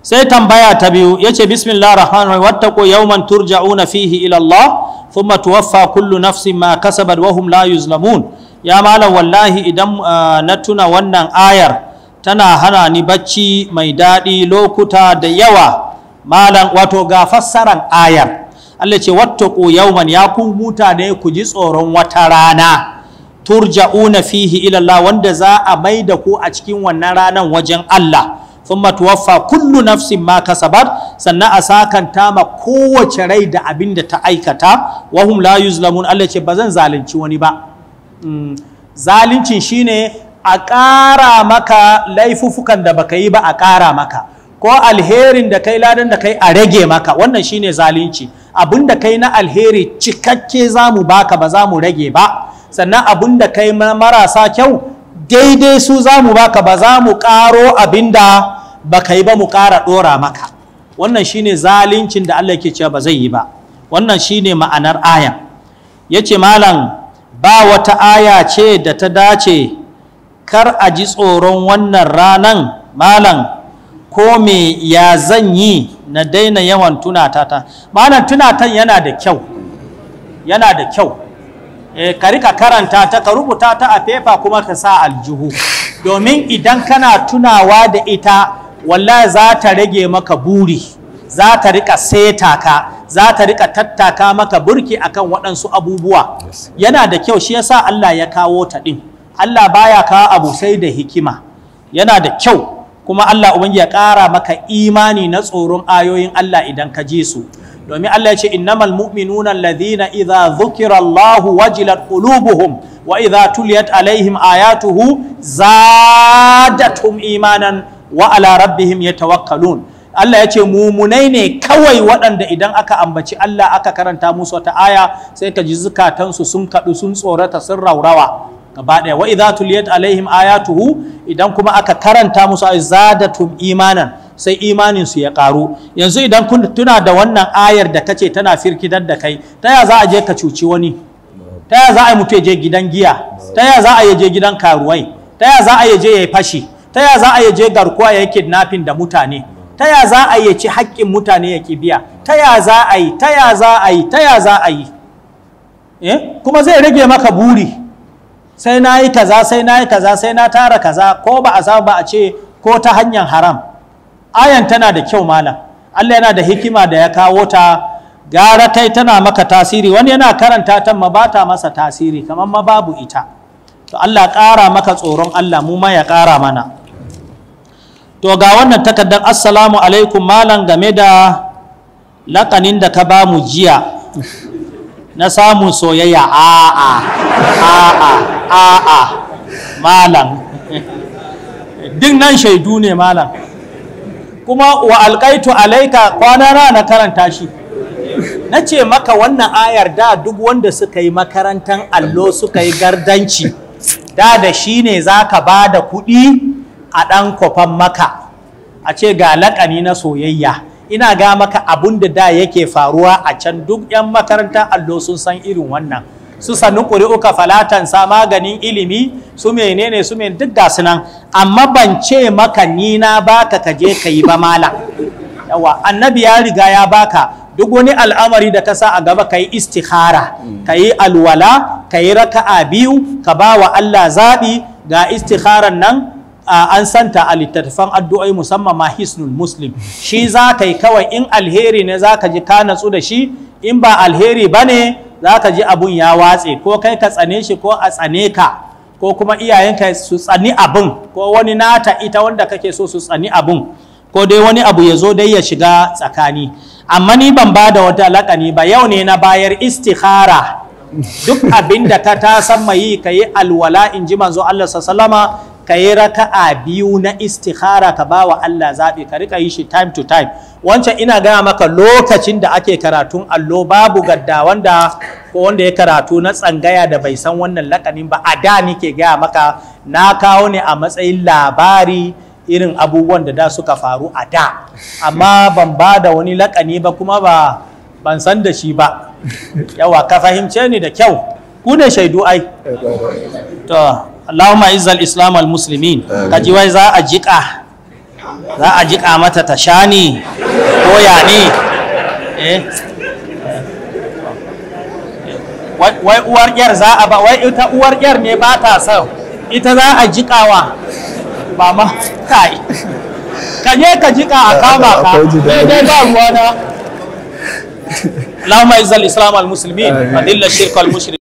sai tambaya ta biyu ya ce bismillah rahman rahim wattaqu yawman turja'una fihi ila Allah thumma tuwaffa kullu nafsin ma kasabat wa hum la yuzlamun ya malam wallahi idan ah, na tuna wannan ayar tana hana ni bacci mai daɗi lokuta da yawa malam wato ga fassaran ayar Allah ce wattaku yauman ya ku da ku ji tsoron wata rana turja'una fihi ila Allah wanda za a da ku a cikin wannan ranan wajen Allah thumma tuwaffa kullu nafsin ma kasabat sannan a sakanta ma kowace rai da abin da ta aikata wahum la yuzlamun Allah ce ba zan zalunci wani ba Mm. zalincin shine a ƙara maka laifufukan da baka yi ba a ƙara maka ko alherin da kai ladan da kai a rage maka wannan shine zalunci abin da kai na alheri cikakke za mu baka ba za mu rage ba sannan abin da kai marasa kyau daidai su za mu baka ba za mu ƙaro abin da baka yi ba mu ƙara ɗora maka wannan shine zaluncin da Allah ke cewa ba zai yi ba wannan shine ma'anar aya yace malam ba wata aya ce da ta dace kar a ji tsoron wannan ranan malam ko me ya zan yi na daina yawan tunata ta? malam tunatan yana da kyau yana da kyau eh, ka rika karanta ta ka rubuta ta a fefa kuma ka sa aljihu domin idan kana tunawa da ita wallahi za ta rage maka buri za ta rika seta ka za ta rika tattaka maka burki akan waɗansu abubuwa yana da kyau shi yasa Allah ya kawo ta ɗin Allah baya kawo abu sai da hikima yana da kyau kuma Allah ubangi ya ƙara maka imani na tsoron ayoyin Allah idan ka ji su domin Allah ya ce innamal mu'minuna alladhina idza dhukira Allahu wajilat qulubuhum wa idza tuliyat alaihim ayatuhu zadatum imanan wa ala rabbihim yatawakkalun Allah ya ce mumunai ne kawai waɗanda idan aka ambaci Allah aka karanta musu wata aya sai ka ji zukatansu sun kaɗu sun tsorata sun raurawa gaba ɗaya wa idza tuliyat alaihim ayatuhu idan kuma aka karanta musu ay zadatum imanan sai imanin su ya ƙaru yanzu idan kun tuna da wannan ayar da kace tana firkidar da kai ta ya za a je ka cuci wani ta ya za a mutu je gidan giya ta ya za a je gidan karuwai ta ya za a je ya fashi ta ya za a je garkuwa ya kidnapping da mutane Taya za a yi ci haƙƙin mutane ya biya Taya za a yi Taya za a yi Taya za a yi eh? kuma zai rage maka buri sai na yi kaza sai na yi kaza sai na tara kaza ko ba a samu ba a ce ko ta hanyar haram ayan tana da kyau malam Allah yana da hikima da ya kawo ta gara tai tana maka tasiri wani yana karanta ta ma ba ta masa tasiri kamar ma babu ita to Allah ƙara maka tsoron Allah mu ma ya ƙara mana to ga wannan takardar assalamu alaikum malam game da lakanin da ka ba mu jiya na samun soyayya a'a a'a a'a malam duk nan shaidu ne malam kuma wa alkaitu alaika kwana rana karanta shi na ce maka wannan ayar da duk wanda suka yi makarantar allo suka yi gardanci da da shi ne za ka ba da kuɗi a ɗan kwafan maka a ce ga laƙani na soyayya ina ga maka abun da da yake faruwa a can duk 'yan makarantar allo sun san irin wannan su sannu ƙuri'uka falatan sa maganin ilimi su menene su men duk gasu nan amma ban ce maka ni na baka ka je ka yi ba mala yawa annabi ya riga ya baka duk wani al'amari da ka sa a gaba ka yi istikhara ka yi alwala ka yi raka'a biyu ka ba wa Allah zaɓi ga istiharan nan an santa a littattafan addu'o'i musamman ma hisnul muslim shi za ka yi kawai in alheri ne za ka ji ka natsu da shi in ba alheri ba ne za ka ji abun ya watse ko kai ka tsane shi ko a tsane ka ko kuma iyayenka su tsani abun ko wani nata ita wanda kake so su tsani abun ko dai wani abu ya zo dai ya shiga tsakani amma ni ban ba da wata lakani ba yau ne na bayar istikhara duk abin da ka ta san mai ka yi alwala in ji manzo Allah sallama ka yi raka'a biyu na istihara ka ba wa Allah zaɓi ka rika yi shi time to time wancan ina gaya maka lokacin da ake karatun allo babu gadda wanda ko wanda ya karatu na tsangaya da bai san wannan lakanin ba a da nike gaya maka na kawo ne a matsayin labari irin abubuwan da da suka faru a da amma ban ba da wani lakani ba kuma ba ban san da shi ba yawa ka fahimce ni da kyau ku ne shaidu ai Allahumma izzal islam al muslimin kaji wai za a jiƙa za a jiƙa mata ta sha ne ko ya ne eh wai uwar yar za a ba wai ita uwar yar ne ba ta sau. ita za a jiƙawa ba ma kai ka je ka jiƙa a kama ka dai ba ruwana Allahumma izzal islam al muslimin adilla shirka al mushrik